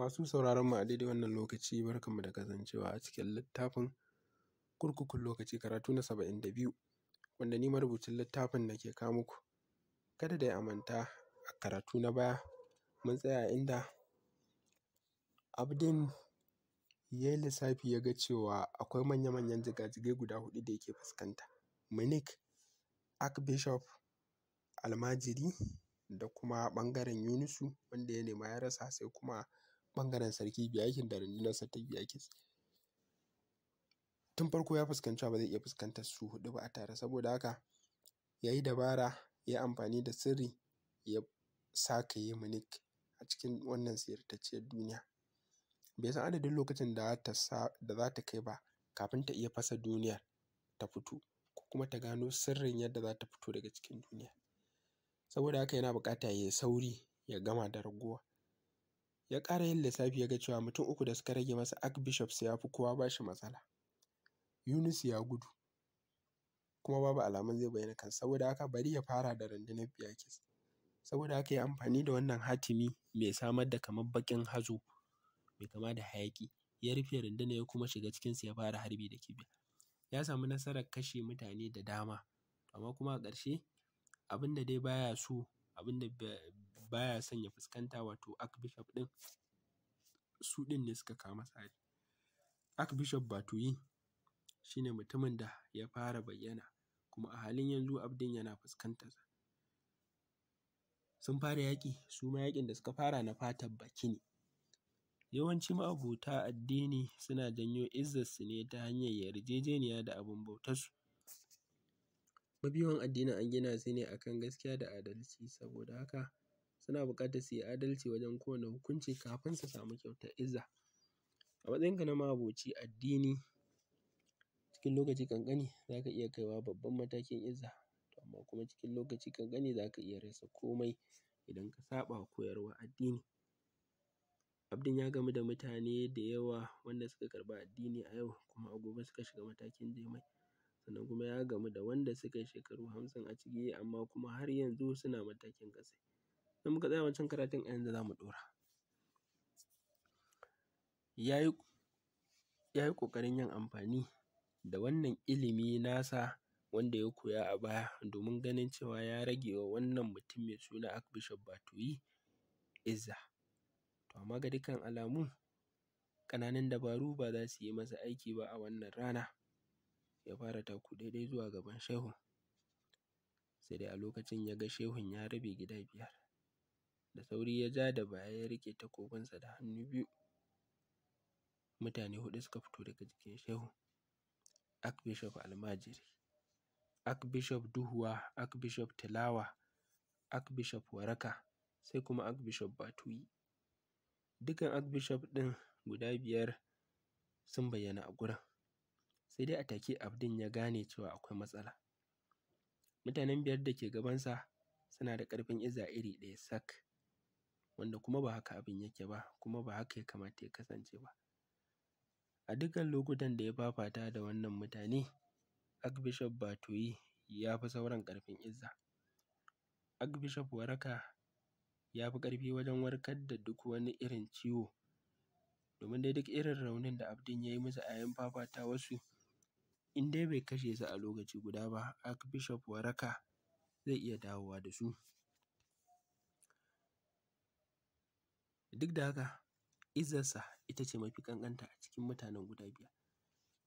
Masu sauraron mu a daidai wannan lokaci barkanmu da kasancewa a cikin littafin kurkukun lokaci karatu na saba'in da biyu wanda ni marubucin littafin nake kawo muku. Kada da ya manta a karatu na baya mun tsaya a inda Abdin ya yi lissafi ya ga cewa akwai manya-manyan jigajigai guda hudu da yake fuskanta, Minik, Archbishop, Almajiri da kuma Bangaren Yunusu wanda ya nema ya rasa sai kuma ɓangaren sarki biyakin da sa ta biyakis tun farko ya fuskanci ba zai iya fuskantar su hudu ba a tare saboda haka ya yi dabara ya amfani da sirri ya yi munik a cikin wannan siyartacciyar duniya bai san adadin lokacin da za ta kai ba kafin ta iya fasa duniyar ta fito ko kuma ta gano sirrin yadda za ta fito daga cikin duniya saboda haka yana buƙata ya yi sauri ya gama da raguwa ya ƙara yin lissafi ya ga cewa mutum uku da suka rage masa archbishops ya fi kowa ba shi matsala yunus ya gudu kuma babu alamun zai bayyana kan saboda haka bari ya fara da rundunar biyakis saboda haka ya amfani da wannan hatimi mai samar da kamar baƙin hazo mai kama da hayaƙi ya rufe rundunar ya kuma shiga cikinsu ya fara harbi da kibiya ya samu nasarar kashe mutane da dama amma kuma a ƙarshe abin da dai baya so abin da baya son ya fuskanta wato Archbishop ɗin su ɗin ne suka kawo masa hari. Archbishop Batuyi shi ne mutumin da ya fara bayyana kuma a halin yanzu abdin yana fuskantarsa. Sun fara yaƙi su ma yaƙin da suka fara na fatan baki ne. Yawanci ma'abota addini suna janyo izzarsu ne ta hanyar yarjejeniya da abin bautarsu. Mabiyan addinin an gina su ne akan gaskiya da adalci saboda haka suna buƙatar su yi adalci wajen kowane hukunci kafin su samu kyautar izza. A matsayinka na maboci addini cikin lokaci ƙanƙani za ka iya kaiwa babban matakin izza amma kuma cikin lokaci ƙanƙani za ka iya rasa komai idan ka wa koyarwar addini. Abdin ya gamu da mutane da yawa wanda suka karɓi addini a yau kuma a gobe suka shiga matakin jemai, sannan kuma ya gamu da wanda suka yi shekaru hamsin a ciki amma kuma har yanzu suna matakin ƙasa in muka tsaya wancan karatun a yanzu za mu ɗora ya yi ƙoƙarin yin amfani da wannan ilimi nasa wanda ya koya a baya domin ganin cewa ya rage wa wannan mutum mai suna Archbishop Batoyi izza to amma ga dukkan alamu ƙananan dabaru ba za su yi masa aiki ba a wannan rana ya fara taku daidai zuwa gaban shehu sai dai a lokacin ya ga shehun ya rabe gida biyar Da sauri ya ja da baya ya riƙe takobinsa da hannu biyu. Mutane huɗu suka fito daga jikin shehu. Archbishop almajiri, Archbishop duhuwa, Archbishop tilawa, Archbishop waraka, sai kuma Archbishop batuyi. Dukan Archbishop ɗin guda biyar sun bayyana a gurin. Sai dai a take Abdin ya gane cewa akwai matsala. Mutanen biyar da ke gabansa suna da ƙarfin iza iri ɗaya sak. wanda kuma ba haka abin yake ba kuma ba haka ya kamata ya kasance ba a dukkan lokutan da ya fafata da wannan mutane Archbishop Batoyi ya fi sauran ƙarfin izza Archbishop Waraka ya fi ƙarfi wajen warkar da duk wani irin ciwo domin dai duk irin raunin da Abdin ya yi musu a yayin fafatawarsu in dai bai kashe su a lokaci guda ba Archbishop Waraka zai iya dawowa da su. Duk da haka, izzarsa ita ce mafi ƙanƙanta a cikin mutanen guda biyar.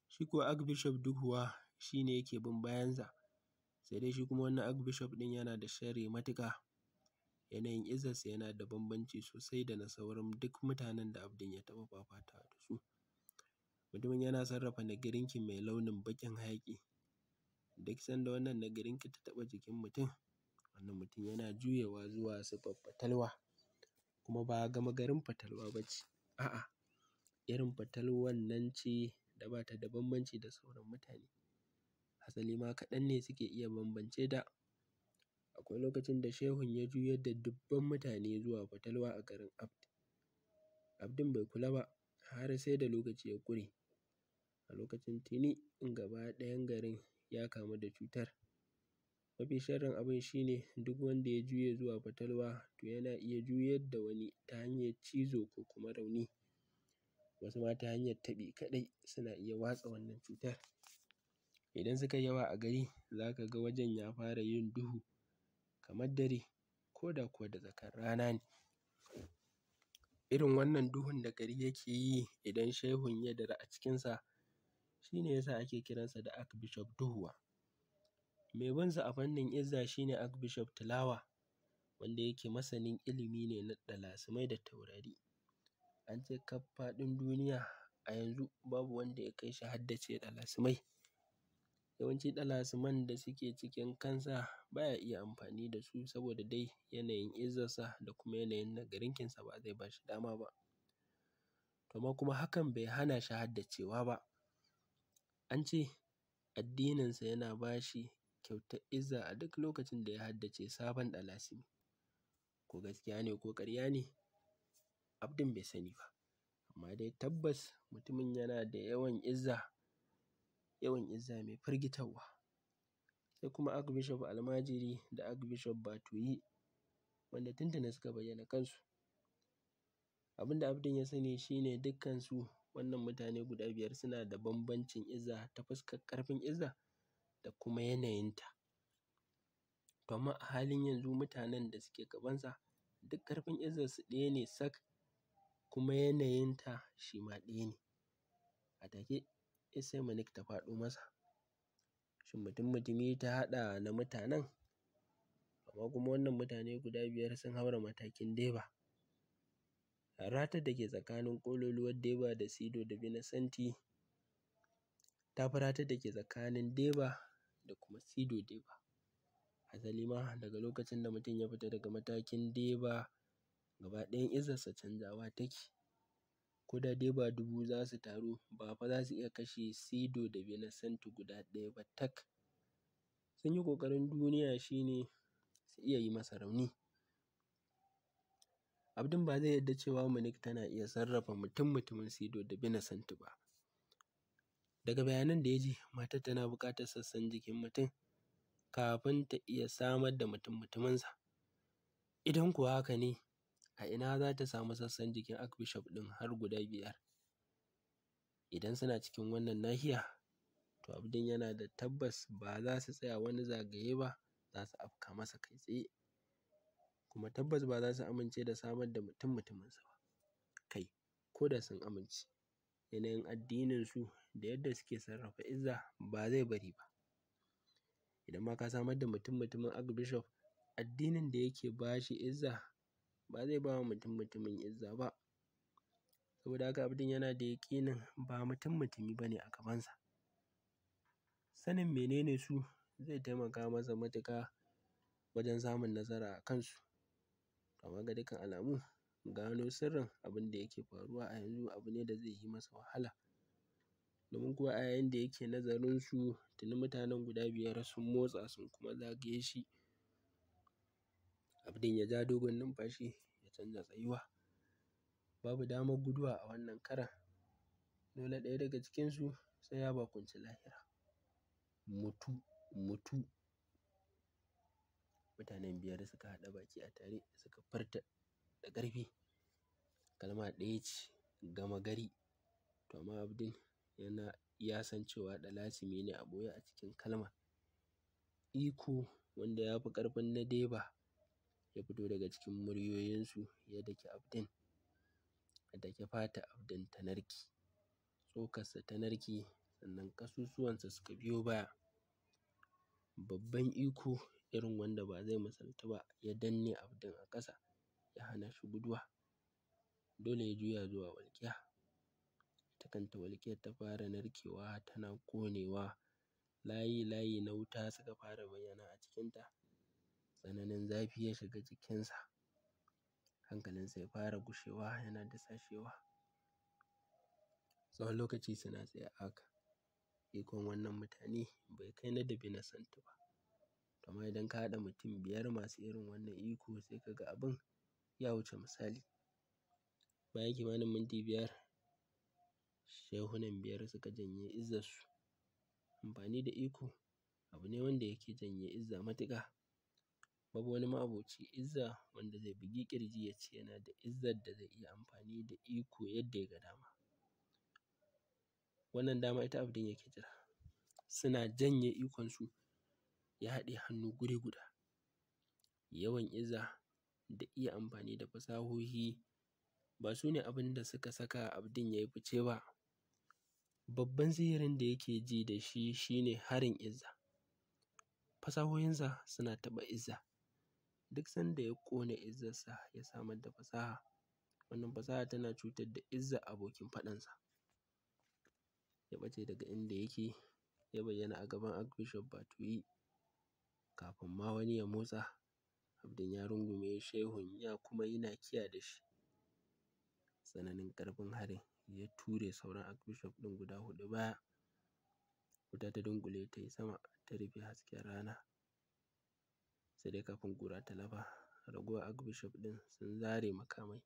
Shi kuwa Archbishop Duhuwa shi ne yake bin bayansa, sai dai shi kuma wannan Archbishop ɗin yana da share matuƙa. Yanayin izzarsa yana da bambanci sosai da na sauran duk mutanen da Abdin ya taɓa fafatawa da su. Mutumin yana sarrafa nagirinki mai launin baƙin hayaƙi. Duk sanda wannan nagirinki ta taɓa jikin mutum, wannan mutum yana juyewa zuwa siffar fatalwa. kuma ba gama garin fatalwa ba ce. A'a, irin fatalwan nan ce da ba ta da bambanci da sauran mutane. asali ma kaɗan ne suke iya bambance ta. Akwai lokacin da shehun ya juyar da dubban mutane zuwa fatalwa a garin Abd. Abdin bai kula ba har sai da lokaci ya ƙure. A lokacin tuni gaba ɗayan garin ya kamu da cutar. Mafi sharrin abun shine duk wanda ya juye zuwa fatalwa to yana iya juyar da wani ta hanyar cizo ko kuma rauni. Wasu ma ta hanyar taɓi kaɗai suna iya watsa wannan cutar. Idan suka yawa a gari za ka ga wajen ya fara yin duhu kamar dare ko da kuwa da tsakar rana ne. Irin wannan duhun da gari yake yi idan shehun ya daru a cikinsa shine yasa ake kiransa da Archbishop Duhuwa. Mai binsa a fannin Izza shi ne Archbishop Tilawa wanda yake masanin ilimi ne na ɗalasimai da taurari. An ce kaf duniya a yanzu babu wanda ya kai shi haddace ɗalasimai. Yawanci ɗalasiman da suke cikin kansa ba ya iya amfani da su saboda dai yanayin izzarsa da kuma yanayin nagarinkinsa ba zai ba shi dama ba. To amma kuma hakan bai hana shi haddacewa ba. An ce addininsa yana ba shi kyautar izza a duk lokacin da ya haddace sabon ɗalasimi. Ko gaskiya ne ko ƙarya ne? Abdin bai sani ba. Amma dai tabbas mutumin yana da yawan izza, yawan izza mai firgitarwa. Sai kuma Archbishop Almajiri da Archbishop Batuyi wanda tuntuni suka bayyana kansu. Abin da Abdin ya sani shi ne dukkansu wannan mutane guda biyar suna da bambancin izza ta fuskar ƙarfin izza da kuma yanayinta. To amma a halin yanzu mutanen da suke gabansa duk ƙarfin izzarsu ɗaya ne sak kuma yanayinta shi ma ɗaya ne. A take eh, sai Monique ta faɗo masa. Shin mutum-mutumi ta haɗa na mutanen? Amma kuma wannan mutane guda biyar sun haura matakin Deba. Ratar da ke tsakanin ƙololuwar Deba da Sido da Benesanti ta fi ratar da ke tsakanin Deba da kuma Sido Deba. Hasali ma daga lokacin da mutum ya fita daga matakin Deba gaba ɗayan sa canzawa take. Ko da Deba dubu za su taru ba fa za su iya kashe Sido da Benacenti guda ɗaya ba tak. Sun yi ƙoƙarin duniya shi ne su iya yi masa rauni. Abdin ba zai yarda cewa Milik tana iya sarrafa mutum-mutumin Sido da Benacenti ba. Daga bayanan da ya ji matar tana buƙatar sassan jikin mutum kafin ta iya samar da mutum mutuminsa. Idan kuwa haka ne a ina za ta samu sassan jikin Archbishop ɗin har guda biyar? Idan suna cikin wannan nahiya to abin yana da tabbas ba za su tsaya wani zagaye ba za su afka masa kai tsaye. Kuma tabbas ba za su amince da samar da mutum mutuminsa ba. Kai ko da sun amince yanayin addininsu da yadda suke sarrafa izza ba zai bari ba idan ma ka samar da mutum mutumin archbishop addinin da yake ba shi izza ba zai ba mutum mutumin izza ba saboda haka abdin yana da yaƙinin ba mutum mutumi ba ne a sa sanin menene su zai taimaka masa matuƙa wajen samun nasara a kansu amma ga dukkan alamu gano sirrin abin da yake faruwa a yanzu abu ne da zai yi masa wahala domin kuwa a yayin da yake nazarin su tuni mutanen guda biyar sun motsa sun kuma zagaye shi. Abdin ya ja dogon numfashi ya canza tsayuwa. Babu damar guduwa a wannan karan Dole ɗaya daga cikinsu sai ya bakunci lahira. Mutu, mutu. Mutanen biyar suka haɗa baki a tare suka furta da ƙarfi. Kalma ɗaya ce gama gari. To amma Abdin yana ya san cewa ɗalasimi ne a ɓoye a cikin kalma? Iko wanda ya fi ƙarfin na Deba ya fito daga cikin muryoyinsu ya dake Abdin, a dake fata Abdin ta narke, tsokarsa ta narke sannan ƙasusuwansa suka biyo baya. Babban iko irin wanda ba zai misaltu ba ya danne Abdin a ƙasa ya hana shi guduwa. Dole ya juya zuwa walƙiya. takanta kanta walƙiyar ta fara narkewa tana ƙonewa layi layi na wuta suka fara bayyana a cikinta tsananin zafi ya shiga jikinsa hankalinsa ya fara gushewa yana dusashewa tsawon lokaci suna tsaye a haka ikon wannan mutane bai kai na da Benasanti ba amma idan ka haɗa mutum biyar masu irin wannan iko sai kaga ga abin ya wuce misali bayan kimanin minti biyar shehunan biyar suka janye su Amfani da iko abu ne wanda yake janye izza matuƙa. Babu wani ma'aboci izza wanda zai bugi ƙirji ya ce yana da izzar da zai iya amfani da iko yadda ya ga dama. Wannan dama ita abin yake jira, suna janye ikonsu ya haɗe hannu guri guda. Yawan izza da iya amfani da fasahohi ba su ne abin da suka saka Abidin ya yi fice ba babban sihirin da yake ji da shi shine harin Izza. Fasahohinsa suna taɓa Izza. Duk sanda ya ƙone Izzarsa ya samar da fasaha, wannan fasaha tana cutar da Izza abokin faɗansa. Ya ɓace daga inda yake ya bayyana a gaban Archbishop Batuyi kafin ma wani ya motsa, Abdin ya rungume shehun ya kuma yana kiya da shi. Tsananin ƙarfin harin ya ture sauran archbishop ɗin guda huɗu baya wuta ta dunƙule ta yi sama ta rufe hasken rana sai dai kafin ƙura ta lafa ragowar archbishop ɗin sun zare makamai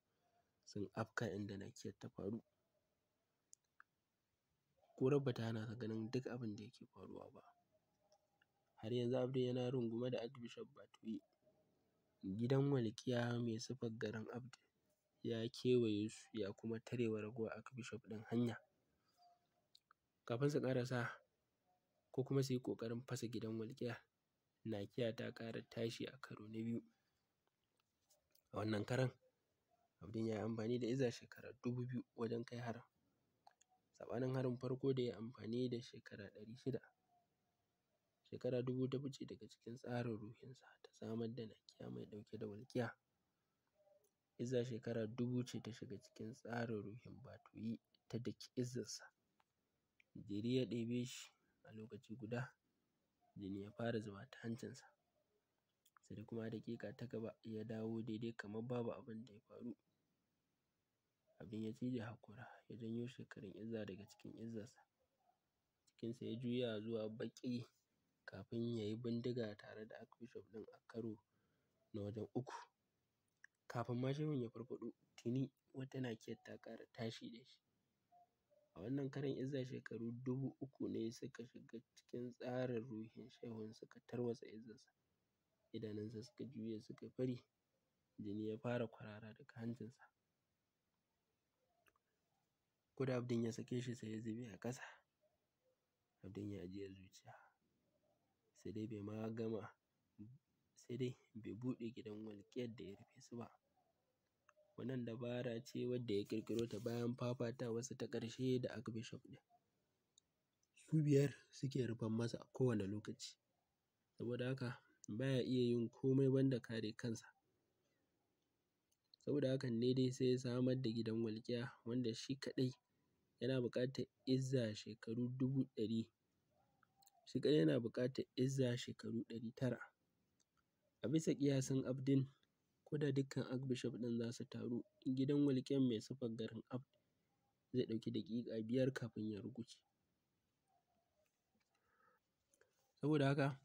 sun afka inda nakiyar ta faru ƙurar ba ta hana ka ganin duk abin da yake faruwa ba har yanzu Abdu yana rungume da archbishop batuyi gidan walƙiya mai sifar garin Abdu ya kewaye su ya kuma tare wa ragowar Archbishop ɗin hanya. Kafin su ƙarasa ko kuma su yi ƙoƙarin fasa gidan walƙiya Nakiya ta ƙara tashi a karo na biyu. A wannan karan Abdin ya yi amfani da iza shekara dubu biyu wajen kai harin. Saɓanin harin farko da ya yi amfani da shekara ɗari shida. Shekara dubu ta fice daga cikin tsarin ruhinsa ta samar da Nakiya mai ɗauke da walƙiya. Izza shekara dubu ce ta shiga cikin tsarin ruhin Batoyi ta daki Izzarsa. Jiri ya ɗebe shi a lokaci guda jini ya fara zuba ta hancinsa. Sai kuma daƙiƙa ta gaba ya dawo daidai kamar babu abin da ya faru. Abin ya cije haƙura, ya janyo shekarun Izza daga cikin Izzarsa. Cikinsa ya juya zuwa baƙi kafin ya yi bindiga tare da Archbishop ɗin a karo na wajen uku. Kafin ma ya farfaɗo tuni wata nakiyar ta ƙara tashi da shi. A wannan karon Izza shekaru dubu uku ne suka shiga cikin tsarin ruhin shehun suka tarwatsa Izzarsa. Idanunsa suka juye suka fari, jini ya fara kwarara daga hancinsa. Kuda Abdin ya sake shi sai ya zube a ƙasa. Abdin ya ajiye zuciya sai dai bai ma gama sai dai bai buɗe gidan walƙiyar da ya rufe su ba. Wannan dabara ce wadda ya ƙirƙiro ta bayan wasu ta ƙarshe da Archbishop ɗin. Su biyar suke rufan masa a kowane lokaci, saboda haka baya iya yin komai banda kare kansa. Saboda hakan ne dai sai ya samar da gidan walƙiya wanda shi kaɗai yana buƙatar izza shekaru dubu ɗari, shi kaɗai yana buƙatar izza shekaru ɗari tara. A bisa ƙiyasin abdin ko da dukkan Archbishop ɗin za su taru, gidan walƙiya mai siffar garin Abd zai ɗauki daƙiƙa biyar kafin ya ruguje. Saboda haka,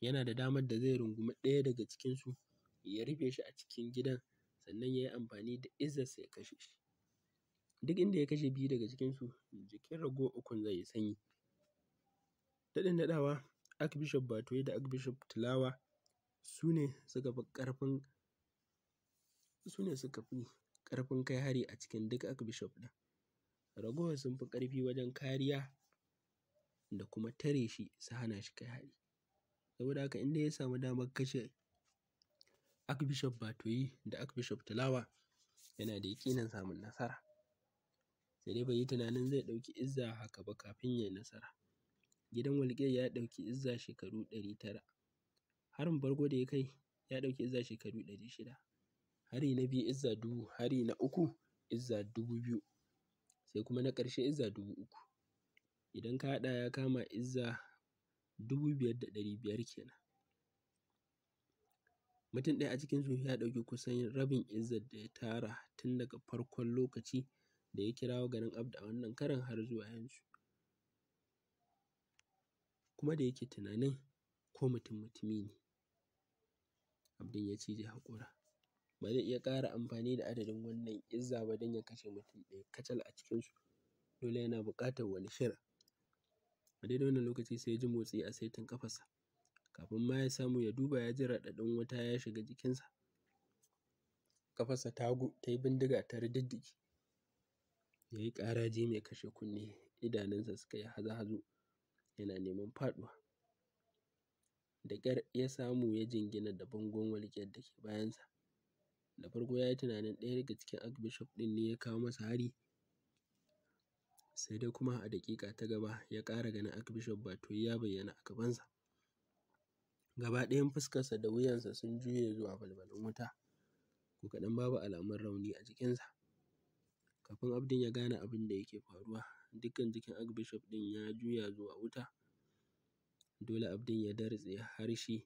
yana da damar da zai rungumi ɗaya daga cikinsu ya rufe shi a cikin gidan sannan ya yi amfani da izzarsa ya kashe shi. Duk inda ya kashe biyu daga cikinsu, jikin ragowar ukun zai yi sanyi. Daɗin daɗawa, Archbishop Batoyi da Archbishop Tulawa sune ne suka fi ƙarfin, sune suka fi ƙarfin kai hari a cikin duk Archbishop ɗin. Ragowar sun fi ƙarfi wajen kariya da kuma tare shi su hana shi kai hari. Saboda haka in dai ya samu damar kashe Archbishop Batoyi da Archbishop Tulawa yana da yaƙinin samun nasara. Sai dai bai yi tunanin zai ɗauki Izza haka ba kafin ya yi nasara. Gidan walƙiya ya ɗauki Izza shekaru ɗari tara. Harin farko da ya kai ya ɗauki Izza shekaru ɗari shida. Hari na biyu Izza dubu, hari na uku Izza dubu biyu, sai kuma na ƙarshe Izza dubu uku. Idan ka haɗa ya kama Izza dubu biyar da ɗari biyar kenan. Mutum ɗaya a cikin cikinsu ya ɗauki kusan rabin Izzar da ya tara tun daga farkon lokaci da ya kirawo garin Abda a wannan karon har zuwa yanzu. Kuma da yake tunanin ko mutum mutumi ne. abun ya cije haƙura. Ba zai iya ƙara amfani da adadin wannan izza ba don ya kashe mutum ɗaya kacal a cikinsu. Dole yana buƙatar wani shirin. A daidai wannan lokaci sai ya ji motsi a saitin ƙafarsa. Kafin ma ya samu ya duba ya ji raɗaɗin wuta ya shiga jikinsa. Ƙafarsa ta gu ta yi bindiga ta rididdige. Ya yi ƙaraji mai kashe kunne, idanunsa suka yi hazo hazu yana neman faɗuwa. da ƙyar ya samu ya jingina da bangon walƙiyar da ke bayansa. Da farko ya yi tunanin ɗaya daga cikin Archbishop ɗin ne ya kawo masa hari, sai dai kuma a daƙiƙa ta gaba ya ƙara ganin Archbishop Batoyi ya bayyana a gabansa. Gaba ɗayan fuskarsa da wuyansa sun juye zuwa balbalin wuta, ko kaɗan babu alamun rauni a jikinsa. Kafin Abdin ya gane abin da yake faruwa, dukkan jikin Archbishop ɗin ya juya zuwa wuta. Dole Abdin ya dartse shi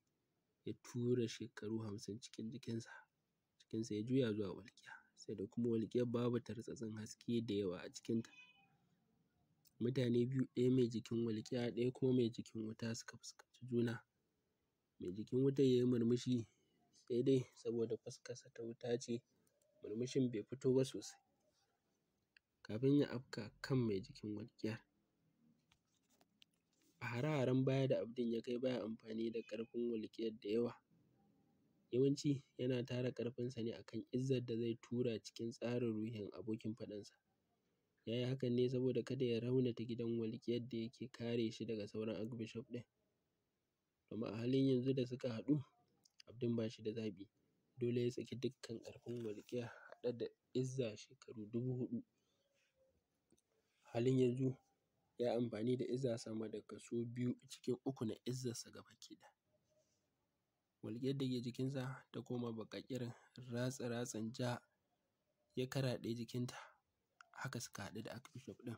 ya tura shekaru hamsin cikin jikinsa. ya juya zuwa walƙiya sai da kuma walƙiyar babu tartsatsin haske da yawa a cikinta. Mutane biyu ɗaya mai jikin walƙiya ɗaya kuma mai jikin wuta suka fuskanci juna. Mai jikin wutar ya yi murmushi sai dai saboda fuskarsa ta wuta ce murmushin bai fito ba sosai. Kafin ya afka kan mai jikin walƙiyar A hare-haren baya da Abdul ya kai baya amfani da ƙarfin walƙiyar da yawa, yawanci yana tara ƙarfinsa ne akan kan izzar da zai tura cikin tsarin ruhin abokin faɗansa. Ya yi hakan ne saboda kada ya raunata gidan walƙiyar da yake kare shi daga sauran agbishop ɗin. amma a halin yanzu da suka haɗu, Abdul ba shi da zaɓi, dole ya saki dukkan ƙarfin walƙiya haɗe da izza shekaru dubu huɗu. A halin yanzu ya yi amfani da izza sama da kaso biyu cikin uku na izzarsa gabaki ɗaya. Walƙiyar da ke jikinsa ta koma baƙa ratsa-ratsan ja ya karaɗe jikinta haka suka haɗu da Archbishop ɗin.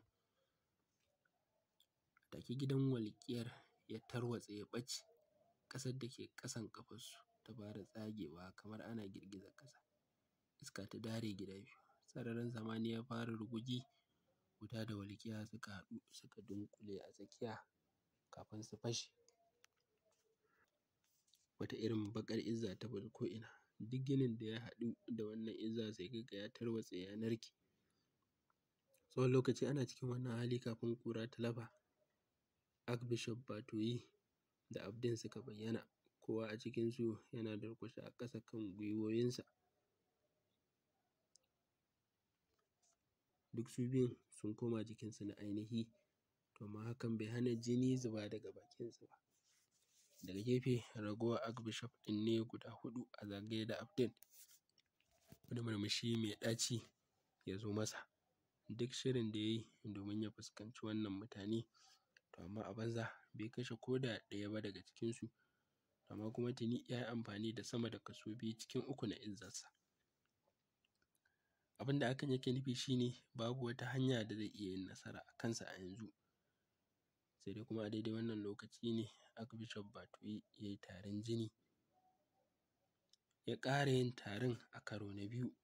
Take gidan walƙiyar ya tarwatse ya ɓace ƙasar da ke ƙasan ƙafarsu ta fara tsagewa kamar ana girgizar ƙasa. Iska ta dare gida biyu sararin samaniya ya fara rugugi wuta da walƙiya suka haɗu suka dunƙule a tsakiya kafin su fashe. Wata irin baƙar izza ta bazu ko'ina, duk ginin da ya haɗu da wannan izza sai ka ga ya tarwatse ya narke. Tsawon lokaci ana cikin wannan hali kafin ƙura ta lafa, Archbishop Batoyi da Abdin suka bayyana, kowa a cikinsu yana durƙushe a ƙasa kan gwiwoyinsa. duk su biyun sun koma jikinsu na ainihi to amma hakan bai hana jini zuba daga bakinsu ba. Daga gefe ragowar Archbishop ɗin ne guda huɗu a zagaye da Abdul wani murmushi mai ɗaci ya zo masa duk shirin da ya yi domin ya fuskanci wannan mutane to amma a banza bai kashe ko da ɗaya ba daga cikinsu amma kuma tuni ya yi amfani da sama da kaso biyu cikin uku na izzarsa. Abin da hakan yake nufi shine babu wata hanya da zai iya yin nasara a kansa a yanzu, sai dai kuma a daidai wannan lokaci ne Archbishop Batuyi ya yi tarin jini, ya ƙara yin tarin a karo na biyu.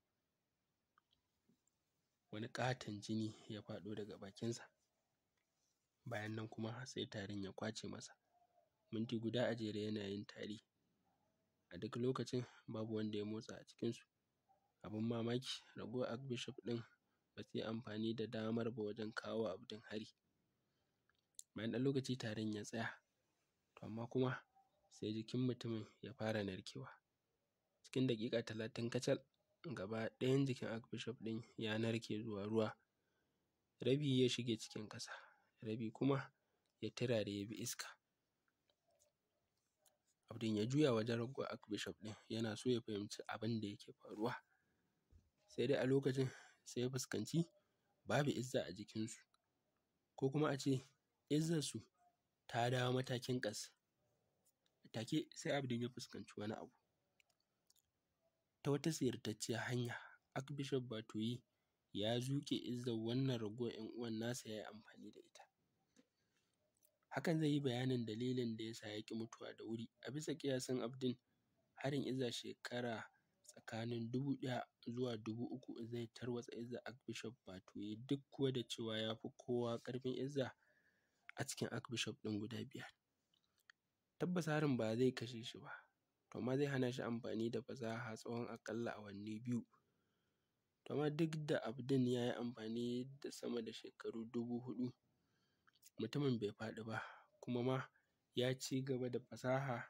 Wani ƙaton jini ya faɗo daga bakinsa, bayan nan kuma sai tarin ya kwace masa. Minti guda a jere yana yin tari, a duk lokacin babu wanda ya motsa a cikinsu. Abin mamaki ragowar Archbishop ɗin ba su yi amfani da damar ba wajen kawo wa Abdin hari. Bayan ɗan lokaci taron ya tsaya to amma kuma sai jikin mutumin ya fara narkewa. Cikin daƙiƙa talatin kacal gaba ɗayan jikin Archbishop ɗin ya narke zuwa ruwa. Rabi ya shige cikin ƙasa rabi kuma ya da ya bi iska. Abdin ya juya wajen ragowar Archbishop ɗin yana so ya fahimci abin da yake faruwa. sai dai a lokacin sai ya fuskanci babu izza a jikinsu ko kuma a ce su ta dawo matakin ƙasa take sai abdin ya fuskanci wani abu ta wata siyartacciyar hanya Archbishop Batoyi ya zuƙe izzar wannan raguwar ‘yan uwan nasa ya yi amfani da ita. Hakan zai yi bayanin dalilin da ya sa ya ƙi mutuwa da wuri. A bisa ƙiyasin Abdin, harin izza shekara tsakanin dubu ɗaya zuwa dubu uku zai tarwatsa Izza Archbishop Batuwe duk kuwa da cewa ya fi kowa ƙarfin Izza a cikin Archbishop ɗin guda biyar. Tabbas harin ba zai kashe shi ba, to amma zai hana shi amfani da fasaha tsawon aƙalla awanni biyu. To amma duk da Abdin ya yi amfani da sama da shekaru dubu huɗu, mutumin bai faɗi ba, kuma ma ya ci gaba da fasaha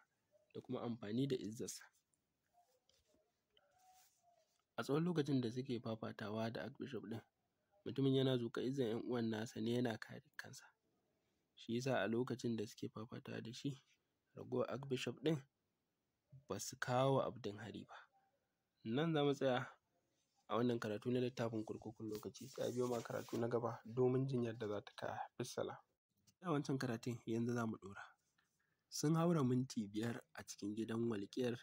da kuma amfani da izzarsa. A tsawon lokacin da suke fafatawa da Archbishop ɗin, mutumin yana zuƙar izzar ‘yan uwan nasa ne yana kare kansa, shi yasa a lokacin da suke fafatawa da shi ragowar Archbishop ɗin ba su kawo wa Abdin hari ba. Nan za mu tsaya a wannan karatu na littafin kurkukun lokaci sai a biyo ma karatu na gaba domin jin yadda za ta kaya. Bissalam. A wancan karatun yanzu za mu ɗora. Sun haura minti biyar a cikin gidan walƙiyar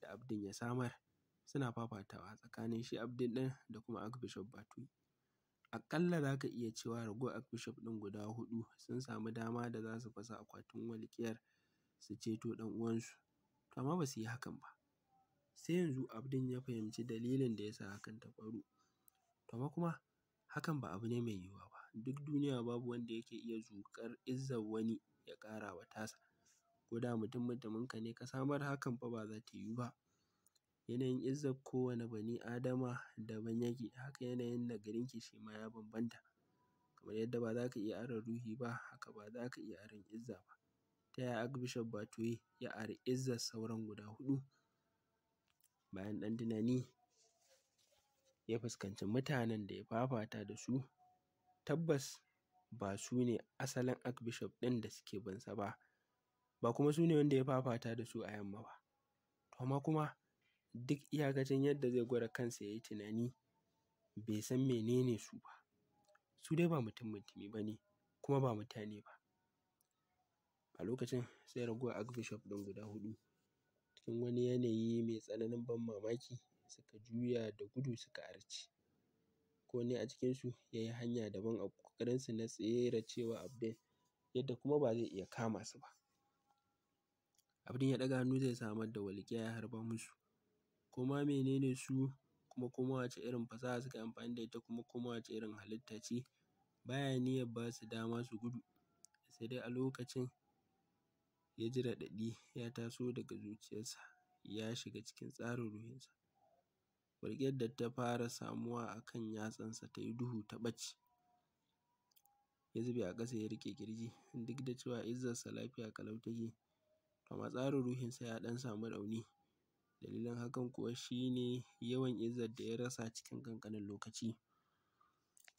da Abdin ya samar suna fafatawa tsakanin shi Abdul ɗin da kuma Archbishop Batwi. Aƙalla za ka iya cewa ragowar Archbishop ɗin guda huɗu sun samu dama da za su fasa akwatin walƙiyar su ceto ɗan uwansu, to amma ba su yi hakan ba. Sai yanzu Abdul ya fahimci dalilin da ya sa hakan ta faru, to amma kuma hakan ba abu ne mai yiwuwa ba, duk duniya babu wanda yake iya zuƙar izzar wani ya ƙara wa tasa, ko da mutum mutuminka ne ka samar hakan fa ba za ta yiwu ba. Yanayin izzar kowane bani Adama daban yake, haka yanayin nagarinki shi ma ya bambanta. Kamar yadda ba za ka iya aron ruhi ba, haka ba za ka iya aron izza ba. Ta yaya Archbishop Batuwe ya ari izzar sauran guda huɗu? Bayan ɗan tunani ya fuskanci mutanen da ya fafata da su tabbas ba su ne asalin Archbishop ɗin da suke sa ba, ba kuma su ne wanda ya fafata da su a yamma ba. To amma kuma duk iyakacin yadda zai gwada kansa ya yi tunani bai san menene su ba. Su dai ba mutum mutumi ba ne kuma ba mutane ba. A lokacin sai ragowar Archbishop ɗin guda huɗu cikin wani yanayi mai tsananin ban mamaki suka juya da gudu suka arce. Kowanne a cikinsu ya yi hanya daban a ƙoƙarinsu na tsere cewa Abdul yadda kuma ba zai iya kama su ba. Abin ya ɗaga hannu zai samar da walƙiya ya harba musu koma menene su kuma kuma wace irin fasaha suka yi amfani da ita kuma kuma wace irin halitta ce baya niyyar ba su dama su gudu sai dai a lokacin ya ji raɗaɗi ya taso daga zuciyarsa ya shiga cikin tsarin ruhinsa. Walƙiyar da ta fara samuwa a kan yatsansa ta yi duhu ta ɓace ya zube a ƙasa ya riƙe ƙirji duk da cewa izzarsa lafiya ƙalau take amma tsarin ruhinsa ya ɗan samu rauni Dalilin hakan kuwa shi ne yawan izar da ya rasa cikin ƙanƙanin lokaci.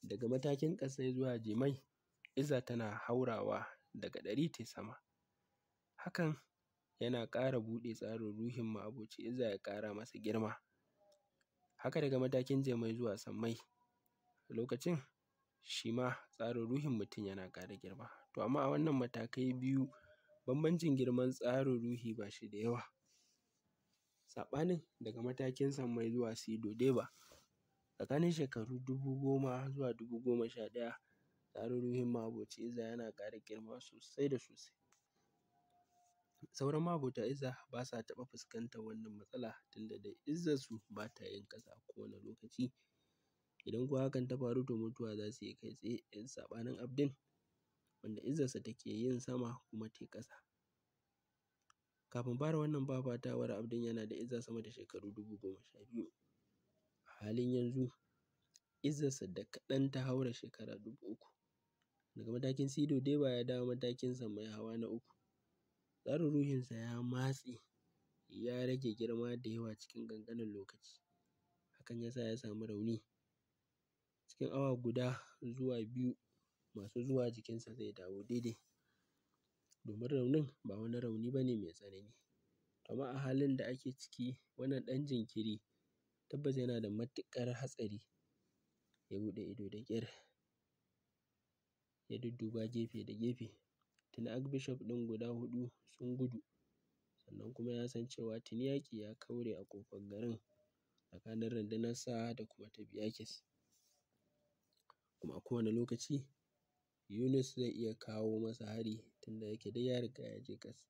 Daga matakin ƙasa zuwa jimai, izza tana haurawa daga ɗari tai sama. Hakan yana ƙara buɗe tsarin ruhin ma'aboci izza ya ƙara masa girma. Haka daga matakin jimai zuwa sammai, a lokacin shi ma tsarin ruhin mutum yana ƙara girma. To amma a wannan matakai biyu bambancin girman tsarin ruhi ba shi da yawa. saɓanin daga matakin mai zuwa Sidodeba tsakanin shekaru dubu goma zuwa dubu goma sha ɗaya tsarin ruhin ma'abocin yana ƙara girma sosai da sosai. Sauran ma'abota iza ba sa taɓa fuskantar wannan matsala tunda dai Izzarsu ba ta yin ƙasa a kowane lokaci idan kuwa hakan ta faru to mutuwa za su yi kai tsaye saɓanin Abdin wanda Izzarsa take yin sama kuma tai ƙasa. Kafin fara wannan fafatawar Abdul yana da izza sama da shekaru dubu goma sha biyu. A halin yanzu izzarsa da kaɗan ta haura shekara dubu uku. Daga matakin Sido Deba ya dawo matakinsa mai hawa na uku. Tsarin ruhinsa ya matse ya rage girma da yawa cikin ƙanƙanin lokaci. Hakan ya sa ya samu rauni. Cikin awa guda zuwa biyu masu zuwa jikinsa zai dawo daidai. domin raunin ba wani rauni ba ne mai tsanani. Amma a halin da ake ciki wannan ɗan jinkiri tabbas yana da matuƙar hatsari. Ya buɗe ido da ƙyar, ya dudduba gefe da gefe. Tuni Archbishop ɗin guda huɗu sun gudu sannan kuma ya san cewa tuni yaƙi ya kaure a ƙofar garin tsakanin sa da kuma ta Biyakis. Kuma a kowane lokaci Yunus zai iya kawo masa hari tunda yake dai ya riga ya je ƙasa.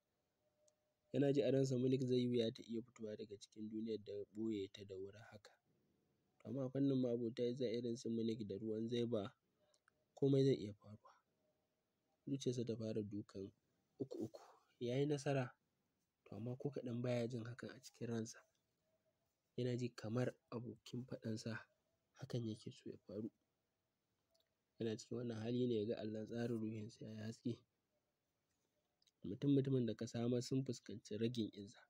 Yana ji a ransa Milik zai yi wuya ta iya fitowa daga cikin duniyar da ya ɓoye ta da wuri haka. Amma fannin ma'abota Izza irin su Milik da ruwan Zaiba komai zai iya faruwa. Zuciyarsa ta fara dukan uku uku. Ya yi nasara to amma ko kaɗan baya jin hakan a cikin ransa. Yana ji kamar abokin faɗansa hakan yake so ya faru. yana cikin wannan hali ne ya ga allon tsarin ruhinsa ya yi haske mutum mutumin da ka samar sun fuskanci ragin izza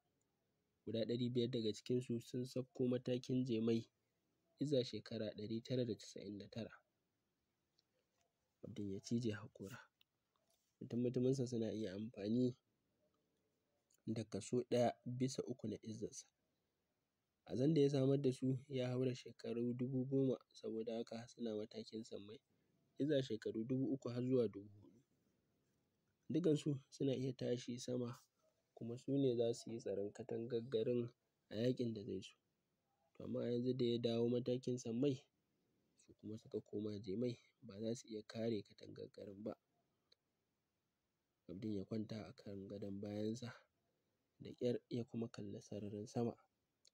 guda ɗari biyar daga cikinsu sun sauko matakin jemai iza shekara ɗari tara da casa'in da tara abdin ya cije haƙura. mutum mutuminsa suna iya amfani da kaso ɗaya bisa uku na izzarsa a zanda ya samar da su ya haura shekaru dubu goma saboda haka suna matakin sammai iza shekaru dubu uku har zuwa dubu huɗu. Dukansu suna iya tashi sama kuma su ne za su yi tsaron katangar garin a yaƙin da zai zo. To amma a yanzu da ya dawo matakin sammai su kuma suka koma jemai ba za su iya kare katangar garin ba. Abdul ya kwanta a kan gadon sa da ƙyar ya kuma kalli sararin sama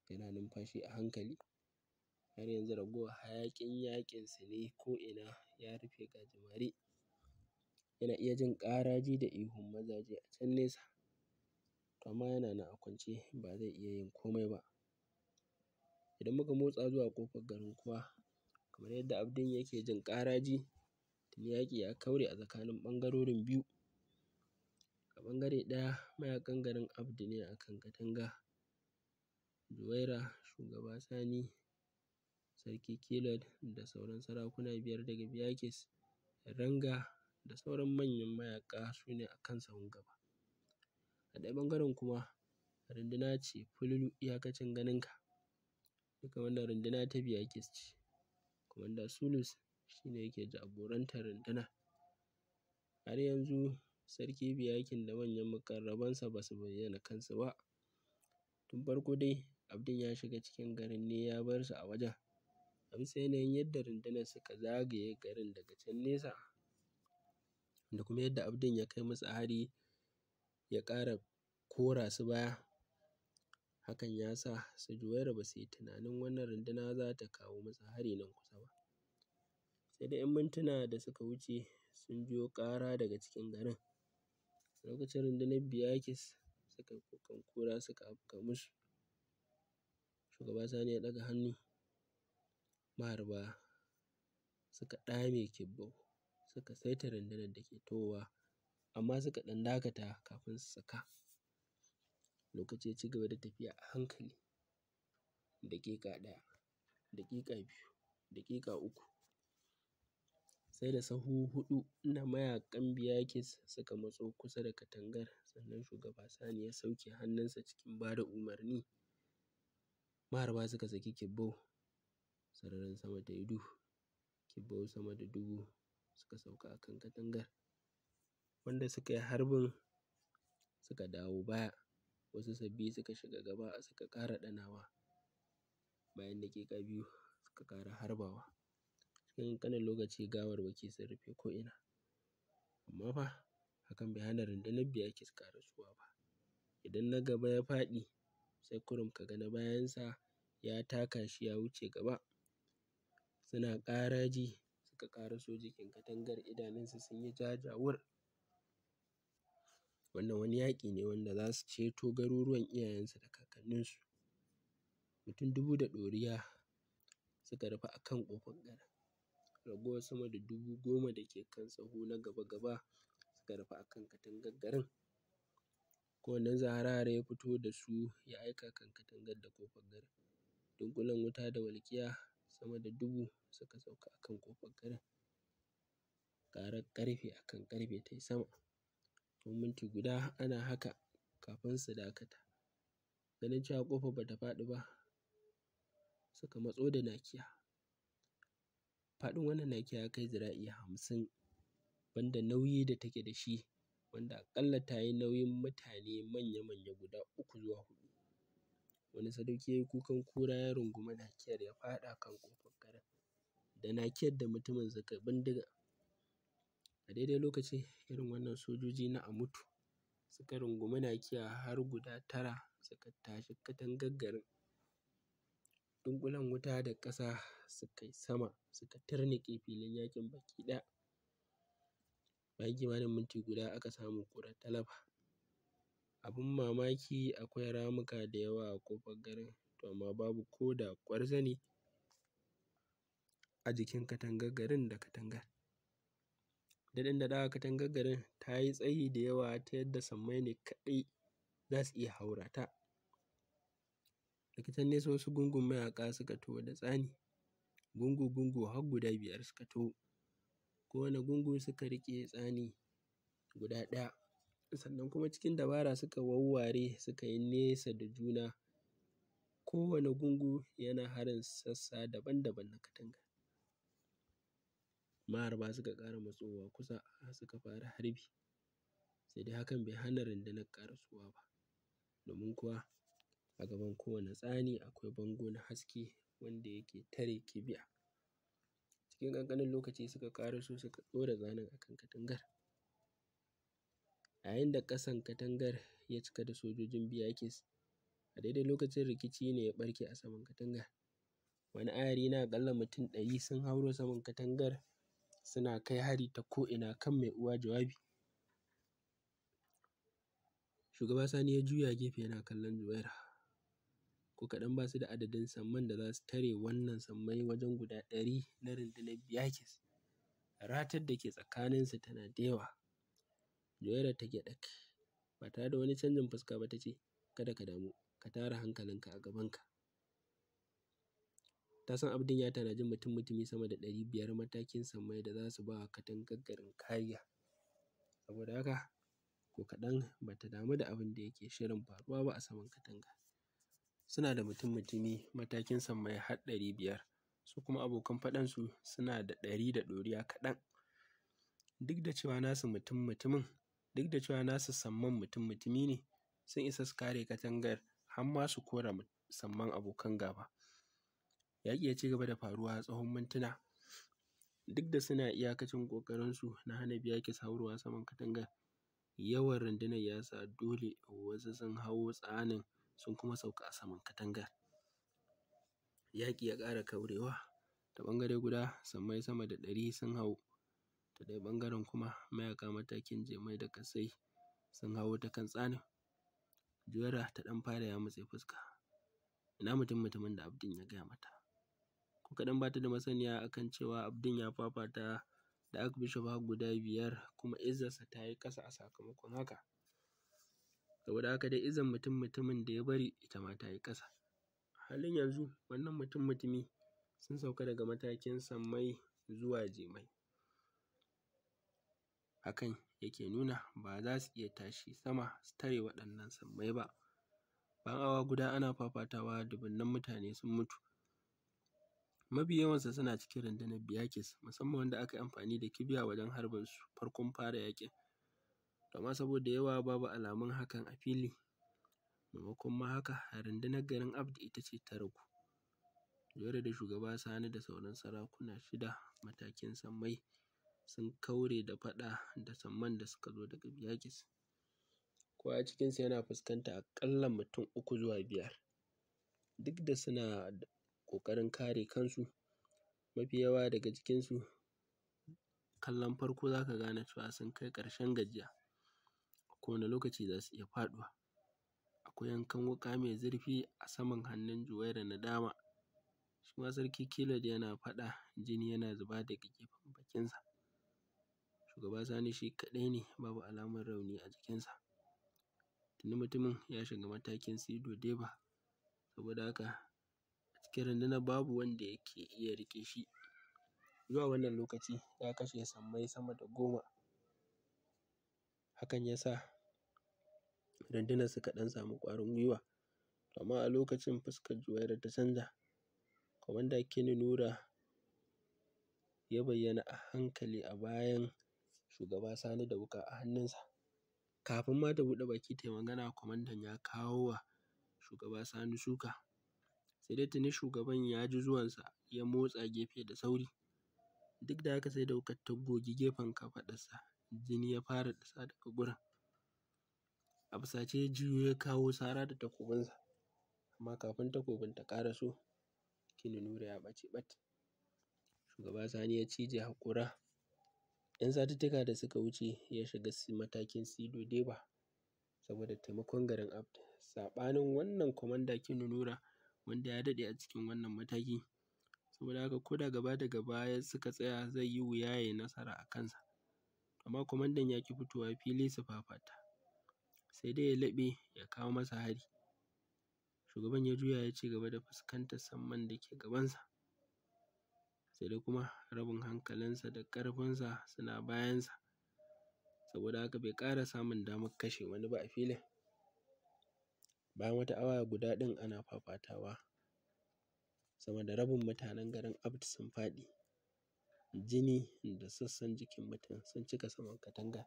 yana numfashi a hankali. Har yanzu ragowar hayaƙin yaƙinsu ne ko'ina ya rufe gajimare. Yana iya jin ƙaraji da ihun mazaje a can nesa. To yana nan a kwance ba zai iya yin komai ba. Idan muka motsa zuwa ƙofar garin kuwa kamar yadda Abdin yake jin ƙaraji tuni yaƙi ya kaure a tsakanin ɓangarorin biyu. A ɓangare ɗaya mayaƙan garin Abdu ne akan katanga. Zuwaira, Shugaba Sani sarki kilod da sauran sarakuna biyar daga Biyakis, Ranga da sauran manyan mayaƙa su ne a kan sahun gaba. A ɗaya ɓangaren kuma runduna ce fululu iyakacin ganinka. Duka wannan runduna ta Biyakis ce. Kwamanda Sulus shi ne yake jagorantar runduna Har yanzu sarki Biyakin da manyan muƙarrabansa ba su bayyana kansu ba. Tun farko dai Abdin ya shiga cikin garin ne ya bar su a wajen. a bisa yanayin yadda rundunar suka zagaye garin daga can nesa da kuma yadda abdin ya kai musu hari ya ƙara kora su baya hakan ya sa su juwaira ba su yi tunanin wannan runduna za ta kawo musu hari nan kusa ba sai da 'yan mintuna da suka wuce sun jiyo ƙara daga cikin garin lokacin rundunar biyakis suka kan suka afka musu shugaba sani ya ɗaga hannu maharba suka ɗame kibbau suka saita rundunar da ke towa amma suka ɗan dakata kafin su saka lokaci ya ci gaba da tafiya a hankali daƙiƙa ɗaya daƙiƙa biyu daƙiƙa uku sai da sahu huɗu na mayaƙan Biyakis suka matso kusa da katangar sannan shugaba Sani ya sauke hannunsa cikin ba da umarni maharba suka saki Kibbau sararin sama ta yi duhu, kibbau sama da dubu suka sauka a kan katangar. Wanda suka yi harbin suka dawo baya, wasu sabbi suka shiga gaba suka ƙara ɗanawa. Bayan daƙiƙa biyu suka ƙara harbawa. Cikin ƙanƙanin lokaci gawarwaki sun rufe ko'ina. Amma fa hakan bai hana rundunar suka ƙarasuwa ba. Idan na gaba ya faɗi sai kurum ka ga na bayansa ya taka shi ya wuce gaba. suna ƙara ji suka ƙaraso jikin katangar idanunsu sun yi jajawur. Wannan wani yaƙi ne wanda za su ceto garuruwan iyayensu da kakanninsu. Mutum dubu da ɗoriya suka rufe a kan ƙofar garin. Ragowar sama da dubu goma da ke kan sahu na gaba gaba suka rufe a kan katangar garin. Kowannen zarara ya fito da su ya aika kan katangar da ƙofar garin. Dunƙulen wuta da walƙiya sama da dubu suka sauka a kan ƙofar garin. Ƙarar ƙarfe a kan ƙarfe tai sama. Tsawon minti guda ana haka kafin su dakata. Ganin cewa ƙofar ba ta faɗi ba suka matso da nakiya. Faɗin wannan nakiya ya kai zira'i hamsin banda nauyi da take da shi wanda aƙalla ta yi nauyin mutane manya manya guda uku zuwa huɗu. Wani sadauki ya yi kukan kura ya rungumi nakiyar ya faɗa kan ƙofar garin. Da nakiyar da mutumin suka bindiga. A daidai lokacin irin wannan sojoji na Amutu suka rungumi nakiya har guda tara suka tashi katangar garin. Dunƙulen wuta da ƙasa suka yi sama suka turnuƙe filin yaƙin baki ɗaya. Bayan kimanin minti guda aka samu ƙurar talafa Abin mamaki akwai ramuka da yawa a ƙofar garin to amma babu ko da ƙwarzane a jikin katangar garin da katangar. Daɗin daɗawa katangar garin ta yi tsayi da yawa ta yadda sammai ne kaɗai za su iya haura ta. Daga can nesa wasu gungun mayaƙa suka taho da tsani, gungu-gungu har guda biyar suka taho. Kowane gungu suka riƙe tsani guda ɗaya. sannan kuma cikin dabara suka wawware suka yi nesa da juna kowane gungu yana harin sassa daban-daban na katangar. Maharba suka ƙara matsowa kusa suka fara harbi sai dai hakan bai hana rundunar karasuwa ba domin kuwa a gaban kowane tsani akwai bango na haske wanda yake tare kibiya. Cikin ƙanƙanin lokaci suka ƙaraso suka ɗora zanen a katangar. a yayin da ƙasan katangar ya cika da sojojin biyakis, a daidai lokacin rikici ne ya ɓarke a saman katangar wani ayari na ƙalla mutum ɗari sun hauro saman katangar suna kai hari ta ko'ina kan mai uwa jawabi shugaba sani ya juya gefe yana kallon zubair ko kaɗan ba su da adadin samman da za su tare wannan sammai wajen guda ɗari na rundunar biyakis? ratar da ke tsakaninsu tana da yawa Joyrat ta ke ɗak ba tare da wani canjin fuska ba ta ce, Kada ka damu, ka tara hankalinka a gabanka. Ta san Abidin ya tanadi mutum mutumi sama da ɗari biyar matakin sammai da za su ba wa katangar garin kariya. Saboda haka ko kaɗan ba ta damu da abin da yake shirin faruwa ba a saman katanga. Suna da mutum mutumi matakin sammai har ɗari biyar, su kuma abokan faɗansu suna da ɗari da ɗoriya kaɗan. Duk da cewa nasu mutum mutumin duk da cewa nasu samman mutum-mutumi ne sun isa su kare katangar har ma su kora samman abokan gaba. Yaƙi ya ci gaba da faruwa tsawon mintuna duk da suna iyakacin ƙoƙarinsu na hana biya ke haurawa saman katangar yawan rundunar ya sa dole wasu sun hawo tsanin sun kuma sauka a saman katangar. Yaƙi ya ƙara kaurewa ta ɓangare guda sammai sama da ɗari sun hau Ta ɗaya ɓangaren kuma mayaka matakin jemai da kasai sun hau ta kan tsanin. Juwaira ta ɗan fara ya yamutse fuska. Ina mutum mutumin da Abdin ya gaya mata. Ko kaɗan ba ta da masaniya akan cewa Abdin ya fafata da Archbishop har guda biyar kuma izzarsa ta yi ƙasa a sakamakon haka. Saboda haka dai izan mutum mutumin da ya bari ita ma ta yi ƙasa. halin yanzu wannan mutum mutumi sun sauka daga matakin sammai zuwa jemai. hakan yake nuna ba za su iya tashi sama su tare waɗannan sammai ba bayan awa guda ana fafatawa dubunnan mutane sun mutu mafi yawansa suna cikin rundunar biyakis musamman wanda aka yi amfani da kibiya wajen harbin su farkon fara yaƙin amma saboda yawa babu alamun hakan a fili maimakon ma haka rundunar garin Abda ita ce ta ragu Jauro da shugaba Sani da sauran sarakuna shida matakin sammai sun kaure da faɗa da samman da suka zo daga Biyagis. Kowa cikinsu yana fuskanta a aƙalla mutum uku zuwa biyar. Duk da suna da ƙoƙarin kare kansu, mafi yawa daga cikinsu kallon farko za ka gane cewa sun kai ƙarshen gajiya. ko wani lokaci za su iya faɗuwa. Akwai yankan wuƙa mai zurfi a saman hannun Juwaira na dama. Shi ma Sarki Kilod yana faɗa, jini yana zuba daga gefen bakinsa. Shugaba Sani shi kaɗai ne babu alamar rauni a jikinsa. Tuni mutumin ya shiga matakin sido Deba, saboda haka a cikin rundunar babu wanda yake iya riƙe shi. Zuwa wannan lokaci ya kashe sammai sama da goma. Hakan ya sa rundunar suka ɗan samu ƙwarin gwiwa. Amma a lokacin fuskar Juwairiyya ta canza. Kwamanda kini Nura ya bayyana a hankali a bayan shugaba Sani da wuƙa a hannunsa. Kafin ma ta buɗe baki ta yi magana kwamandan ya kawo wa shugaba Sani suka. Sai dai tuni shugaban ya ji zuwansa ya motsa gefe da sauri. Duk da haka sai da wuƙar ta gogi gefen kafaɗarsa jini ya fara ɗisa daga gurin. A fusace ya juyo ya kawo sara da takobinsa amma kafin takobin ta ƙaraso Kininure ya ɓace ɓat. Shugaba Sani ya cije haƙora 'yan satuttuka da suka wuce ya shiga matakin Sido Deba saboda taimakon garin Abd. Saɓanin wannan Kwamanda Kinunura, wanda ya daɗe a cikin wannan mataki, saboda haka ko da gaba da gaba suka tsaya zai yi wuya ya yi nasara a kansa. Amma kwamandan ya ƙi fitowa fili su fafata, sai dai ya laɓe ya kawo masa hari. Shugaban ya juya ya ci gaba da fuskantar samman da ke gabansa. sai dai kuma rabin hankalinsa da ƙarfinsa suna bayansa saboda haka bai ƙara samun damar kashe wani ba a filin bayan wata awa guda ɗin ana fafatawa sama da rabin mutanen garin Apt sun faɗi jini da sassan jikin mutum sun cika saman katanga